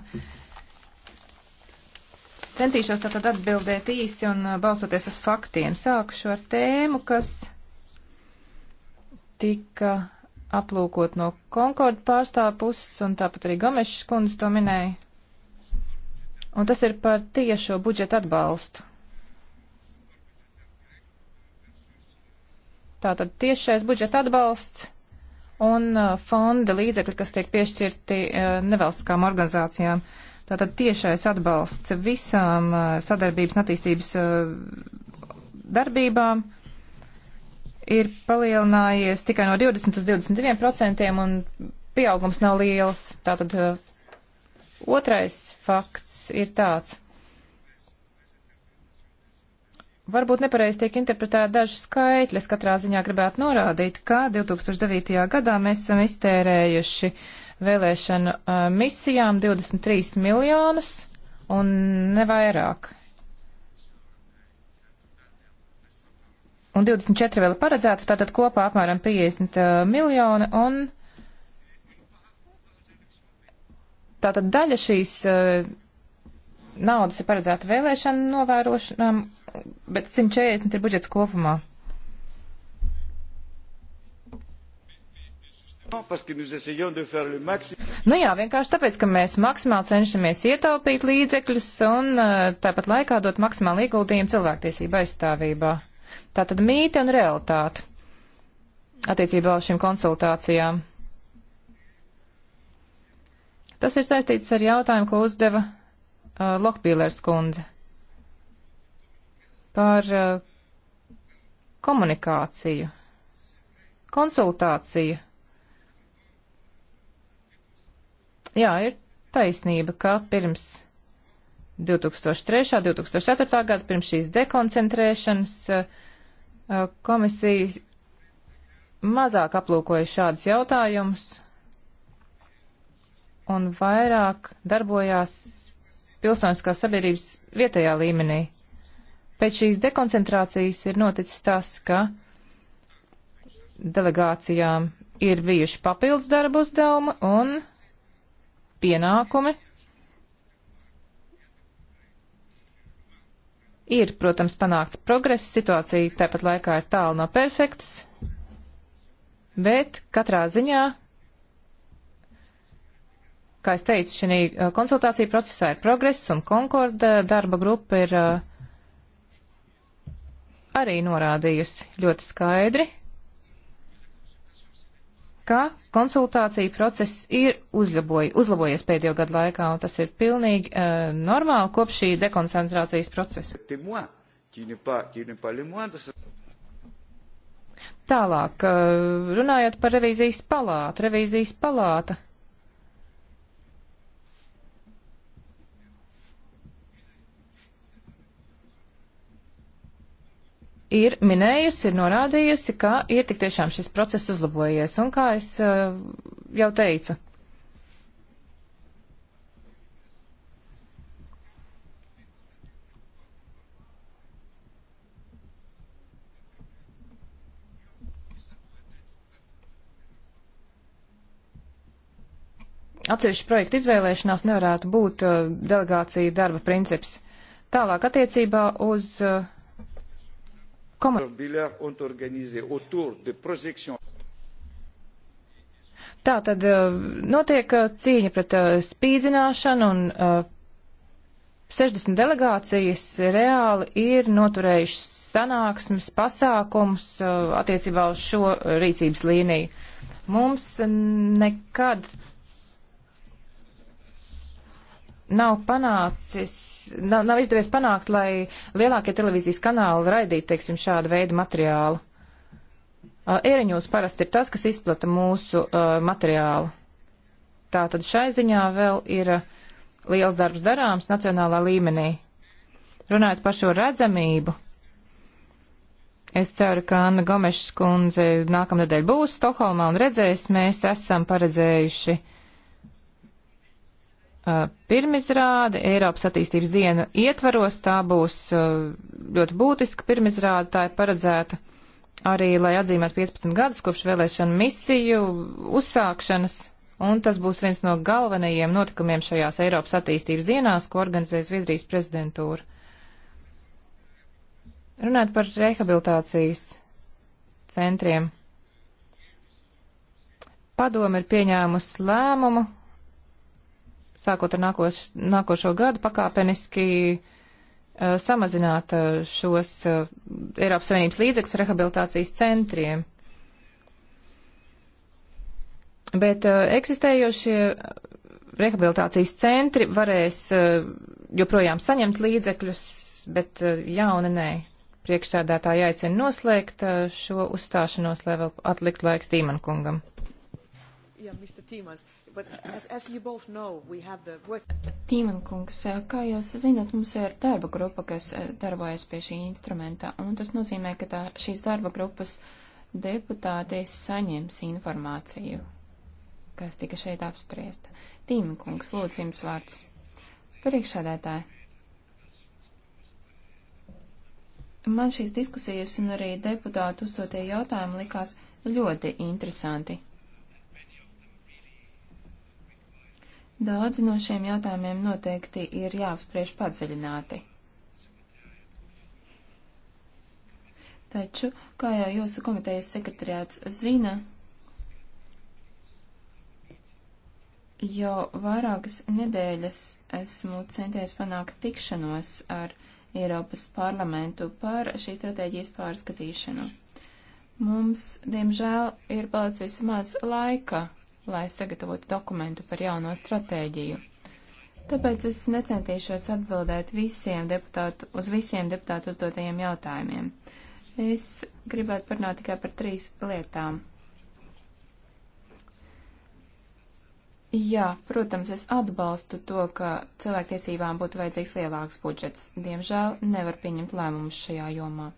centīšos tātad atbildēt īsi un balstoties uz faktiem. Sākšu ar tēmu, kas tika aplūkot no Konkorda pārstāv puses un tāpat arī Gomešas kundze to minēja. Un tas ir par tiešo budžeta atbalstu. Tātad tiešais budžeta atbalsts un uh, fonda līdzekļi, kas tiek piešķirti uh, nevalstiskām organizācijām. Tātad tiešais atbalsts visām uh, sadarbības un attīstības darbībām ir palielinājies tikai no 20 uz 22 procentiem un pieaugums nav liels. Tātad otrais fakts ir tāds. Varbūt nepareizi tiek interpretēta daži skaitļi. Es katrā ziņā gribētu norādīt, ka 2009. gadā mēs esam iztērējuši vēlēšanu uh, misijām 23 miljonus un nevairāk. Un 24 vēl paredzētu, tātad kopā apmēram 50 uh, miljoni un tātad daļa šīs. Uh, naudas ir paredzēta vēlēšana novērošanām, bet 140 ir budžets kopumā. Nu jā, vienkārši tāpēc, ka mēs maksimāli cenšamies ietaupīt līdzekļus un uh, tāpat laikā dot maksimāli ieguldījumu cilvēktiesību aizstāvībā. Tā tad mīte un realitāte attiecībā uz šīm konsultācijām. Tas ir saistīts ar jautājumu, ko uzdeva uh, Lohbīlers kundze par uh, komunikāciju, konsultāciju. Jā, ir taisnība, ka pirms 2003. 2004. gada, pirms šīs dekoncentrēšanas, uh, uh komisijas mazāk aplūkoja šādus jautājumus un vairāk darbojās pilsoniskās sabiedrības vietējā līmenī. Pēc šīs dekoncentrācijas ir noticis tas, ka delegācijām ir bijuši papildus darba uzdevumi un pienākumi. Ir, protams, panākts progress, situācija tāpat laikā ir tālu no perfektas, bet katrā ziņā Kā es teicu, šī uh, konsultācija procesā ir progress un Konkorda uh, darba grupa ir uh, arī norādījusi ļoti skaidri, ka konsultācija process ir uzlaboji, uzlabojies pēdējo gadu laikā, un tas ir pilnīgi uh, normāli kopš šī dekoncentrācijas procesa. Tālāk, uh, runājot par revīzijas palātu, revīzijas palāta ir minējusi, ir norādījusi, ka ir tik tiešām šis process uzlabojies. Un kā es eh, jau teicu, atsevišķu projektu izvēlēšanās nevarētu būt uh, delegācija darba princips. Tālāk attiecībā uz uh, komunikāciju. Tā tad uh, notiek uh, cīņa pret uh, spīdzināšanu un 60 delegācijas reāli ir noturējušas sanāksmes, pasākums attiecībā uz šo rīcības līniju. Mums nekad nav panācis nav, nav izdevies panākt, lai lielākie televīzijas kanāli raidītu, teiksim, šādu veidu materiālu. Uh, Ēriņūs parasti ir tas, kas izplata mūsu uh, materiālu. Tātad šai ziņā vēl ir uh, liels darbs darāms nacionālā līmenī. Runājot par šo redzamību, es ceru, ka Anna Gomešs kundze nākamnedēļ būs Stokholmā un redzēs, mēs esam paredzējuši uh, Uh, pirmizrāde Eiropas attīstības dienu ietvaros. Tā būs uh, ļoti būtiska pirmizrāde, tā ir paredzēta arī, lai atzīmētu 15 gadus kopš vēlēšanu misiju uzsākšanas. Un tas būs viens no galvenajiem notikumiem šajās Eiropas attīstības dienās, ko organizē Zviedrijas prezidentūra. Runāt par rehabilitācijas centriem. Padoma ir pieņēmusi lēmumu sākot ar nākoš, nākošo gadu pakāpeniski uh, samazināt uh, šos uh, Eiropas Savienības līdzekļus rehabilitācijas centriem. Bet uh, eksistējošie rehabilitācijas centri varēs uh, joprojām saņemt līdzekļus, bet uh, jauni nē. Priekšsēdētāji aicina noslēgt šo uzstāšanos, lai vēl atlikt laiks Tīmankungam. Yeah, but as, as you both know, we have the work... Tīmenkungs, eh, kā jūs zinat, mums ir darba grupa, kas eh, darbojas pie šī instrumenta, un tas nozīmē, ka tā, šīs darba grupas deputāti saņems informāciju, kas tika šeit apspriesta. Tīmenkungs, lūdzu jums vārds. Priekšādētāji. Man šīs diskusijas un arī deputātu uzdotie jautājumi likās ļoti interesanti. Daudzi no šiem jautājumiem noteikti ir jāapspriež padziļināti. Taču, kā jau jūsu komitejas sekretariāts zina, jau vairākas nedēļas esmu centies panākt tikšanos ar Eiropas parlamentu par šīs stratēģijas pārskatīšanu. Mums, diemžēl, ir palicis maz laika lai sagatavotu dokumentu par jauno stratēģiju. Tāpēc es necentīšos atbildēt visiem deputātu, uz visiem deputātu uzdotajiem jautājumiem. Es gribētu parunāt tikai par trīs lietām. Jā, protams, es atbalstu to, ka cilvēktiesībām būtu vajadzīgs lielāks budžets. Diemžēl nevar pieņemt lēmumus šajā jomā.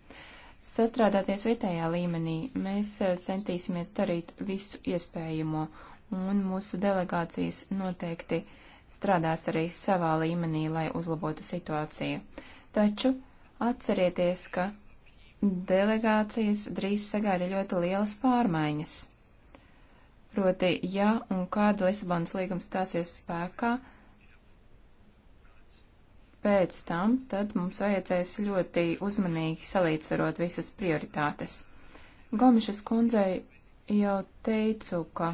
Sastrādāties vietējā līmenī, mēs eh, centīsimies darīt visu iespējamo un mūsu delegācijas noteikti strādās arī savā līmenī, lai uzlabotu situāciju. Taču atcerieties, ka delegācijas drīz sagaida ļoti lielas pārmaiņas. Proti, ja un kāda Lisabonas līgums stāsies spēkā, pēc tam, tad mums vajadzēs ļoti uzmanīgi salīdzvarot visas prioritātes. Gomišas kundzei jau teicu, ka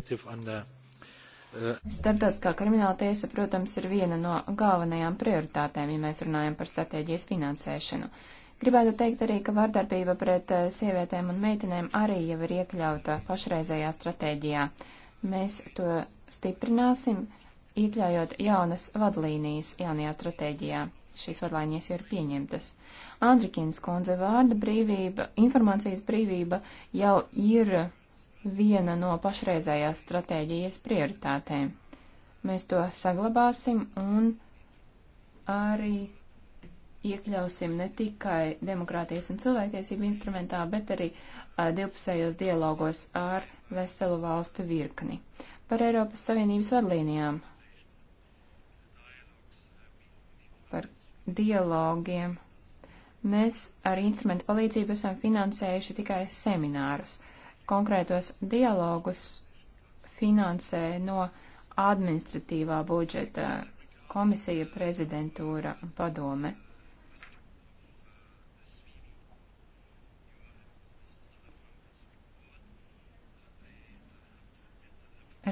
Uh, Startautiskā krimināla tiesa, protams, ir viena no galvenajām prioritātēm, ja mēs runājam par stratēģijas finansēšanu. Gribētu teikt arī, ka vardarbība pret uh, sievietēm un meitenēm arī jau ir iekļauta pašreizējā stratēģijā. Mēs to stiprināsim, iekļaujot jaunas vadlīnijas jaunajā stratēģijā. Šīs vadlīnijas jau ir pieņemtas. Andrikins kundze vārda brīvība, informācijas brīvība jau ir viena no pašreizējās stratēģijas prioritātēm. Mēs to saglabāsim un arī iekļausim ne tikai demokrātijas un cilvēktiesību instrumentā, bet arī a, divpusējos dialogos ar veselu valstu virkni. Par Eiropas Savienības vadlīnijām, par dialogiem. Mēs ar instrumentu palīdzību esam finansējuši tikai seminārus konkrētos dialogus finansē no administratīvā budžeta komisija, prezidentūra un padome.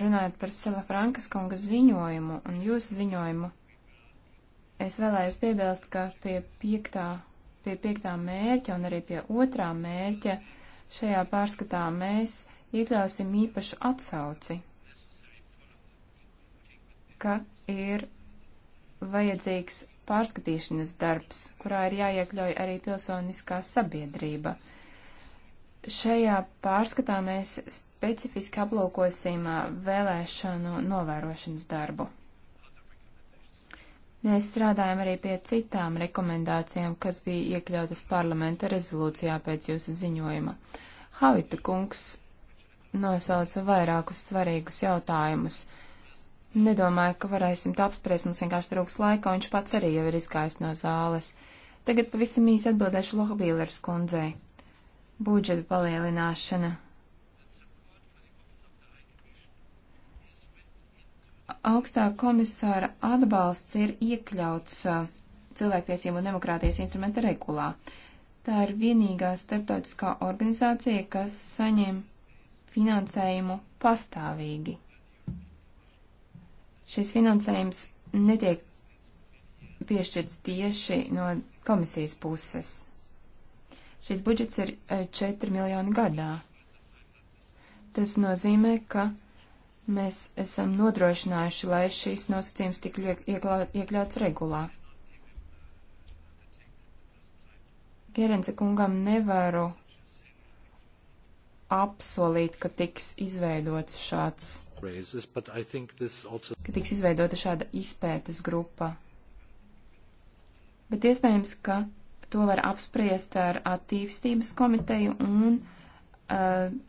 Runājot par Sela Frankas kunga ziņojumu un jūsu ziņojumu, es vēlējos piebilst, ka pie piektā, pie piektā mērķa un arī pie otrā mērķa uh, Šajā pārskatā mēs iekļausim īpašu atsauci, ka ir vajadzīgs pārskatīšanas darbs, kurā ir jāiekļauj arī pilsoniskā sabiedrība. Šajā pārskatā mēs specifiski aplūkosim vēlēšanu novērošanas darbu. Mēs strādājam arī pie citām rekomendācijām, kas bija iekļautas parlamenta rezolūcijā pēc jūsu ziņojuma. Havita kungs nosauca vairākus svarīgus jautājumus. Nedomāju, ka varēsim to apspriest, mums vienkārši trūks laika, un viņš pats arī jau ir izgājis no zāles. Tagad pavisam īsi atbildēšu Lohbīlers kundzei. Budžeta palielināšana augstā komisāra atbalsts ir iekļauts cilvēktiesību un demokrātijas instrumenta regulā. Tā ir vienīgā starptautiskā organizācija, kas saņem finansējumu pastāvīgi. Šis finansējums netiek piešķirts tieši no komisijas puses. Šis budžets ir 4 miljoni gadā. Tas nozīmē, ka mēs esam nodrošinājuši, lai šīs nosacījums tik iekļauts regulā. Gerence kungam nevaru apsolīt, ka tiks izveidots šāds, ka tiks izveidota šāda izpētes grupa. Bet iespējams, ka to var apspriest ar attīstības komiteju un uh,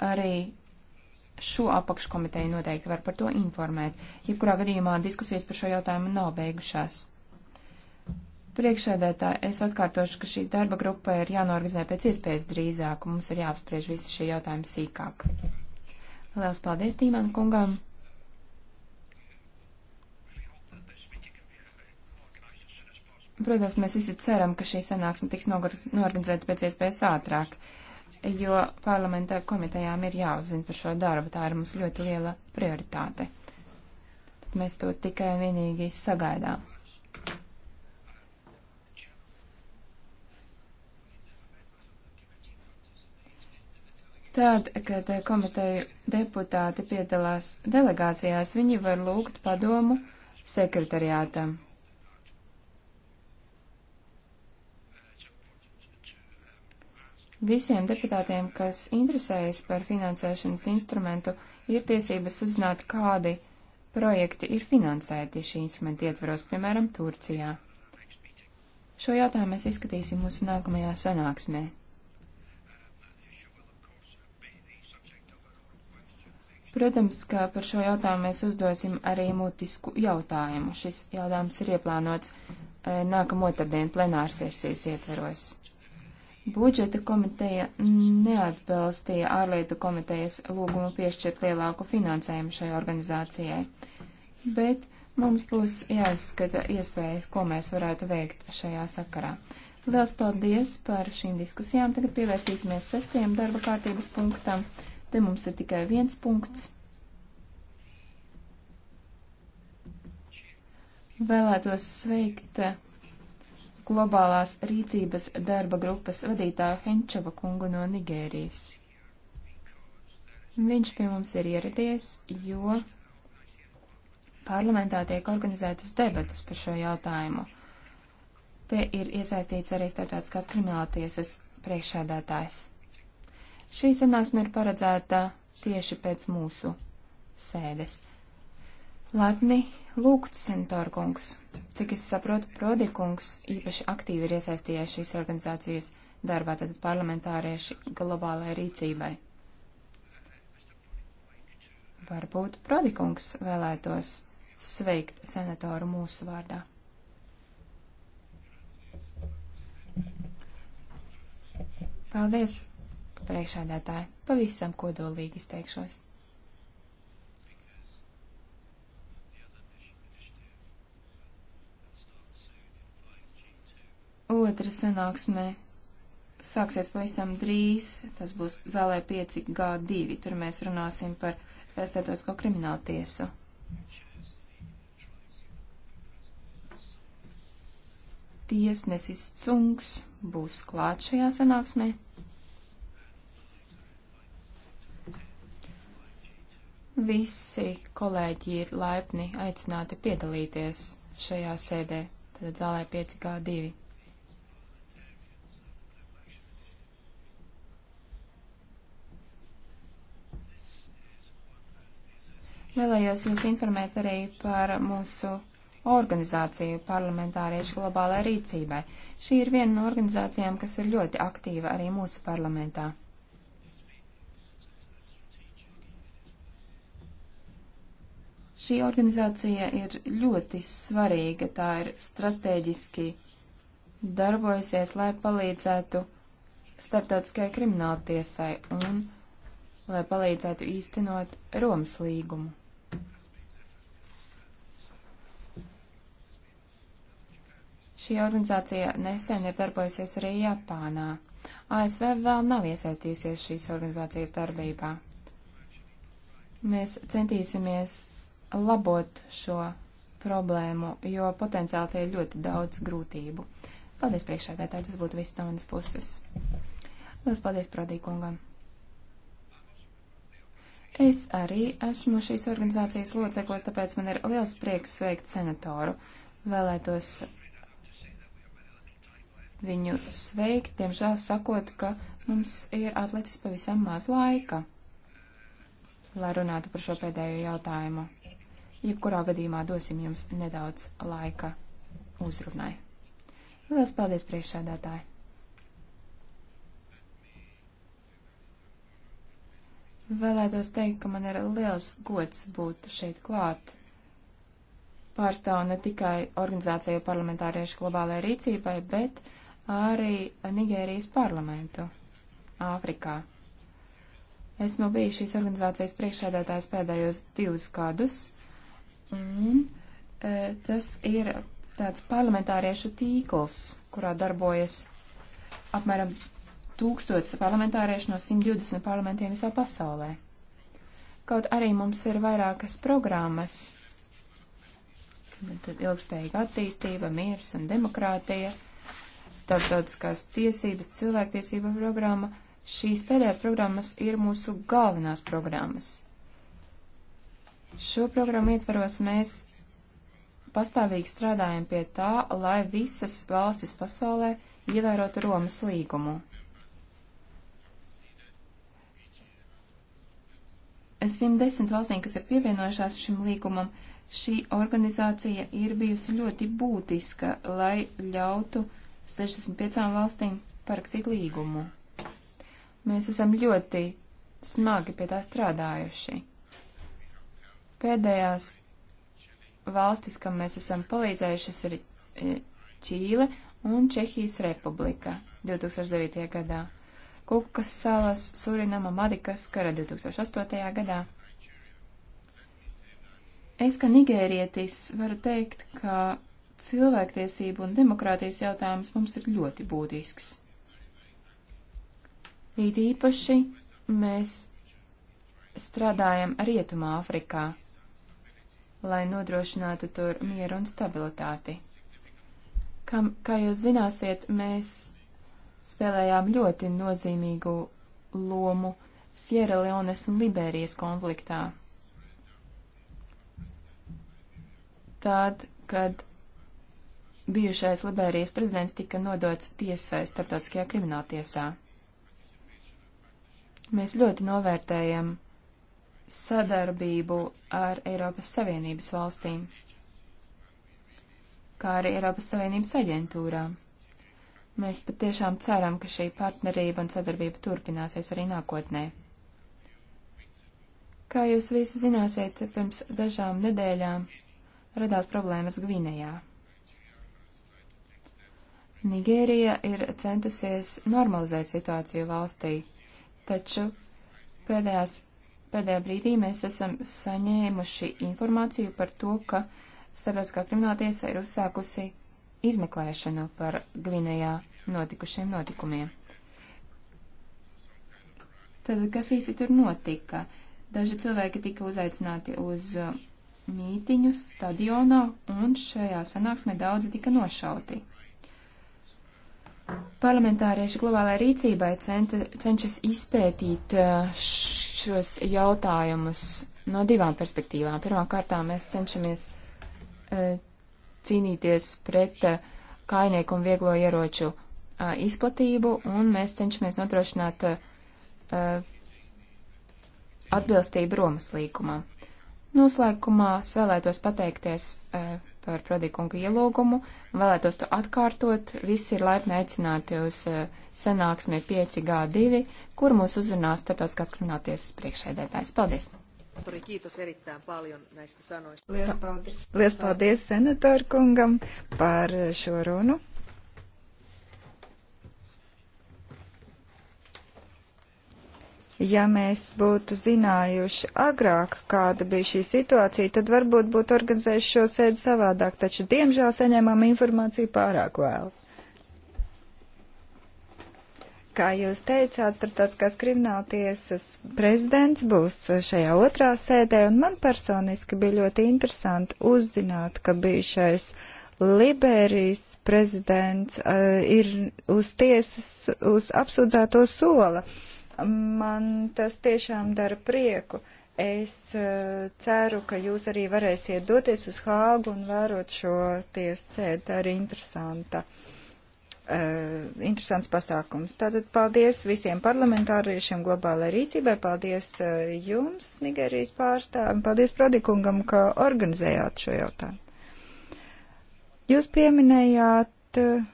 arī šo apakškomiteju noteikti var par to informēt. Jebkurā gadījumā diskusijas par šo jautājumu nav beigušās. Priekšēdētāji, es atkārtošu, ka šī darba grupa ir jānorganizē pēc iespējas drīzāk, un mums ir jāapspriež visi šie jautājumi sīkāk. Lielas paldies Tīmēn kungam! Protams, mēs visi ceram, ka šī sanāksme tiks norganizēta pēc iespējas ātrāk jo parlamentā komitejām ir jāuzzina par šo darbu. Tā ir mums ļoti liela prioritāte. Tad mēs to tikai un vienīgi sagaidām. Tad, kad komiteju deputāti piedalās delegācijās, viņi var lūgt padomu sekretariātam Visiem deputātiem, kas interesējas par finansēšanas instrumentu, ir tiesības uzzināt, kādi projekti ir finansēti šī instrumenta ietvaros, piemēram, Turcijā. Šo jautājumu mēs izskatīsim mūsu nākamajā sanāksmē. Protams, ka par šo jautājumu mēs uzdosim arī mutisku jautājumu. Šis jautājums ir ieplānots eh, nākamotardien plenārsesijas ietveros. Budžeta komiteja neatbalstīja ārlietu komitejas lūgumu piešķirt lielāku finansējumu šai organizācijai, bet mums būs jāizskata iespējas, ko mēs varētu veikt šajā sakarā. Liels paldies par šīm diskusijām. Tagad pievērsīsimies sestajam darba kārtības punktam. Te mums ir tikai viens punkts. Vēlētos sveikt globālās rīcības darba grupas vadītāju Henčava kungu no Nigērijas. Viņš pie mums ir ieradies, jo parlamentā tiek organizētas debatas par šo jautājumu. Te ir iesaistīts arī starptautiskās krimināltiesas priekšsēdētājs. Šī sanāksme ir paredzēta tieši pēc mūsu sēdes. Laipni lūgts, sentorkungs. Cik es saprotu, Prodikungs īpaši aktīvi ir iesaistījies šīs organizācijas darbā, tad parlamentārieši globālajai rīcībai. Varbūt Prodikungs vēlētos sveikt senatoru mūsu vārdā. Paldies, priekšādētāji, pavisam kodolīgi izteikšos. Otra sanāksme sāksies pavisam drīz, tas būs zālē 5G2, tur mēs runāsim par starptautisko kriminālu tiesu. Tiesnesis Cungs būs klāt šajā sanāksmē. Visi kolēģi ir laipni aicināti piedalīties šajā sēdē, tad zālē 5G2. Vēlējos jūs informēt arī par mūsu organizāciju parlamentāriešu globālai rīcībai. Šī ir viena no organizācijām, kas ir ļoti aktīva arī mūsu parlamentā. Šī organizācija ir ļoti svarīga, tā ir strateģiski darbojusies, lai palīdzētu starptautiskajai krimināla tiesai un lai palīdzētu īstenot Romas līgumu. Šī organizācija nesen ir darbojusies arī Japānā. ASV vēl nav iesaistījusies šīs organizācijas darbībā. Mēs centīsimies labot šo problēmu, jo potenciāli tie ir ļoti daudz grūtību. Paldies priekšēdētāji, tas būtu viss no manas puses. Lielas paldies Prodīkungam. Es arī esmu šīs organizācijas locekli, tāpēc man ir liels prieks sveikt senatoru. Vēlētos viņu sveikt, diemžēl sakot, ka mums ir atlicis pavisam maz laika, lai runātu par šo pēdējo jautājumu. Jebkurā gadījumā dosim jums nedaudz laika uzrunai. Lielas paldies priekšsēdētāji! Vēlētos teikt, ka man ir liels gods būt šeit klāt pārstāv ne tikai organizāciju parlamentāriešu globālajai rīcībai, bet arī Nigērijas parlamentu Āfrikā. Esmu bijis šīs organizācijas priekšsēdētājs pēdējos divus gadus, un e, tas ir tāds parlamentāriešu tīkls, kurā darbojas apmēram tūkstots parlamentāriešu no 120 parlamentiem visā pasaulē. Kaut arī mums ir vairākas programmas, tad ilgspējīga attīstība, miers un demokrātija – starptautiskās tiesības, cilvēktiesība programma. Šīs pēdējās programmas ir mūsu galvenās programmas. Šo programmu ietvaros mēs pastāvīgi strādājam pie tā, lai visas valstis pasaulē ievērotu Romas līgumu. Simtdesmit valstīm, kas ir pievienojušās šim līgumam, šī organizācija ir bijusi ļoti būtiska, lai ļautu uh, 65 valstīm parakstīt līgumu. Mēs esam ļoti smagi pie tā strādājuši. Pēdējās valstis, kam mēs esam palīdzējušas, ir e, Čīle un Čehijas Republika 2009. gadā, Kukas salas, Surinama, Madikas kara 2008. gadā. Es kā nigērietis varu teikt, ka cilvēktiesību un demokrātijas jautājums mums ir ļoti būtisks. It īpaši mēs strādājam Rietumā Afrikā, lai nodrošinātu tur mieru un stabilitāti. Kam, kā jūs zināsiet, mēs spēlējām ļoti nozīmīgu lomu Sieraleones un Liberijas konfliktā. Tad, kad bijušais Liberijas prezidents tika nodots tiesai starptautiskajā krimināltiesā. Mēs ļoti novērtējam sadarbību ar Eiropas Savienības valstīm, kā arī Eiropas Savienības aģentūrām. Mēs patiešām ceram, ka šī partnerība un sadarbība turpināsies arī nākotnē. Kā jūs visi zināsiet, pirms dažām nedēļām radās problēmas Gvinējā. Nigērija ir centusies normalizēt situāciju valstī, taču pēdējās, pēdējā brīdī mēs esam saņēmuši informāciju par to, ka starptautiskā krimināltiesa ir uzsākusi izmeklēšanu par Gvinējā notikušiem notikumiem. Tad, kas īsi tur notika? Daži cilvēki tika uzaicināti uz uh, mītiņu stadionā, un šajā sanāksmē daudzi tika nošauti. Parlamentārieši globālajai rīcībai centa, cenšas izpētīt uh, šos jautājumus no divām perspektīvām. Pirmkārt, mēs cenšamies uh, cīnīties pret uh, kainieku un vieglo ieroču izplatību, un mēs cenšamies nodrošināt atbilstību Romas līgumam. Noslēgumā es vēlētos pateikties par Prodīkunga ielūgumu un vēlētos to atkārtot. Visi ir laipni aicināti uz eh, sanāksmi 5G2, kur mūs uzrunās starptautiskās krimināltiesas priekšēdētājs. Paldies! Lielas paldies, paldies senatoru kungam par eh, šo runu. Ja mēs būtu zinājuši agrāk, kāda bija šī situācija, tad varbūt būtu organizējuši šo sēdi savādāk, taču diemžēl saņēmām informāciju pārāk vēlu. Kā jūs teicāt, starptautiskās krimināltiesas prezidents būs šajā otrā sēdē, un man personiski bija ļoti interesanti uzzināt, ka bijušais Liberijas prezidents uh, ir uz tiesas, uz apsūdzēto sola. Uh, Man tas tiešām dara prieku. Es eh, ceru, ka jūs arī varēsiet doties uz Hāgu un vērot šo tiesu sēdi. Tā ir interesanta. Uh, interesants pasākums. Tātad paldies visiem parlamentāriešiem globālajai rīcībai, paldies uh, jums, Nigērijas pārstāvim, paldies Prodikungam, ka organizējāt šo jautājumu. Jūs pieminējāt uh,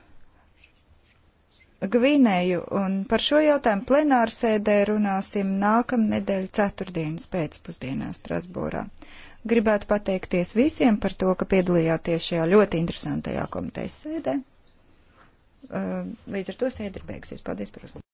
Gvinēju, un par šo jautājumu plenārsēdē runāsim nākamnedēļ ceturtdienas pēcpusdienā Strasbūrā. Gribētu pateikties visiem par to, ka piedalījāties šajā ļoti interesantajā komitejas sēdē. Uh, līdz ar to sēde ir beigusies. Paldies par uzmanību.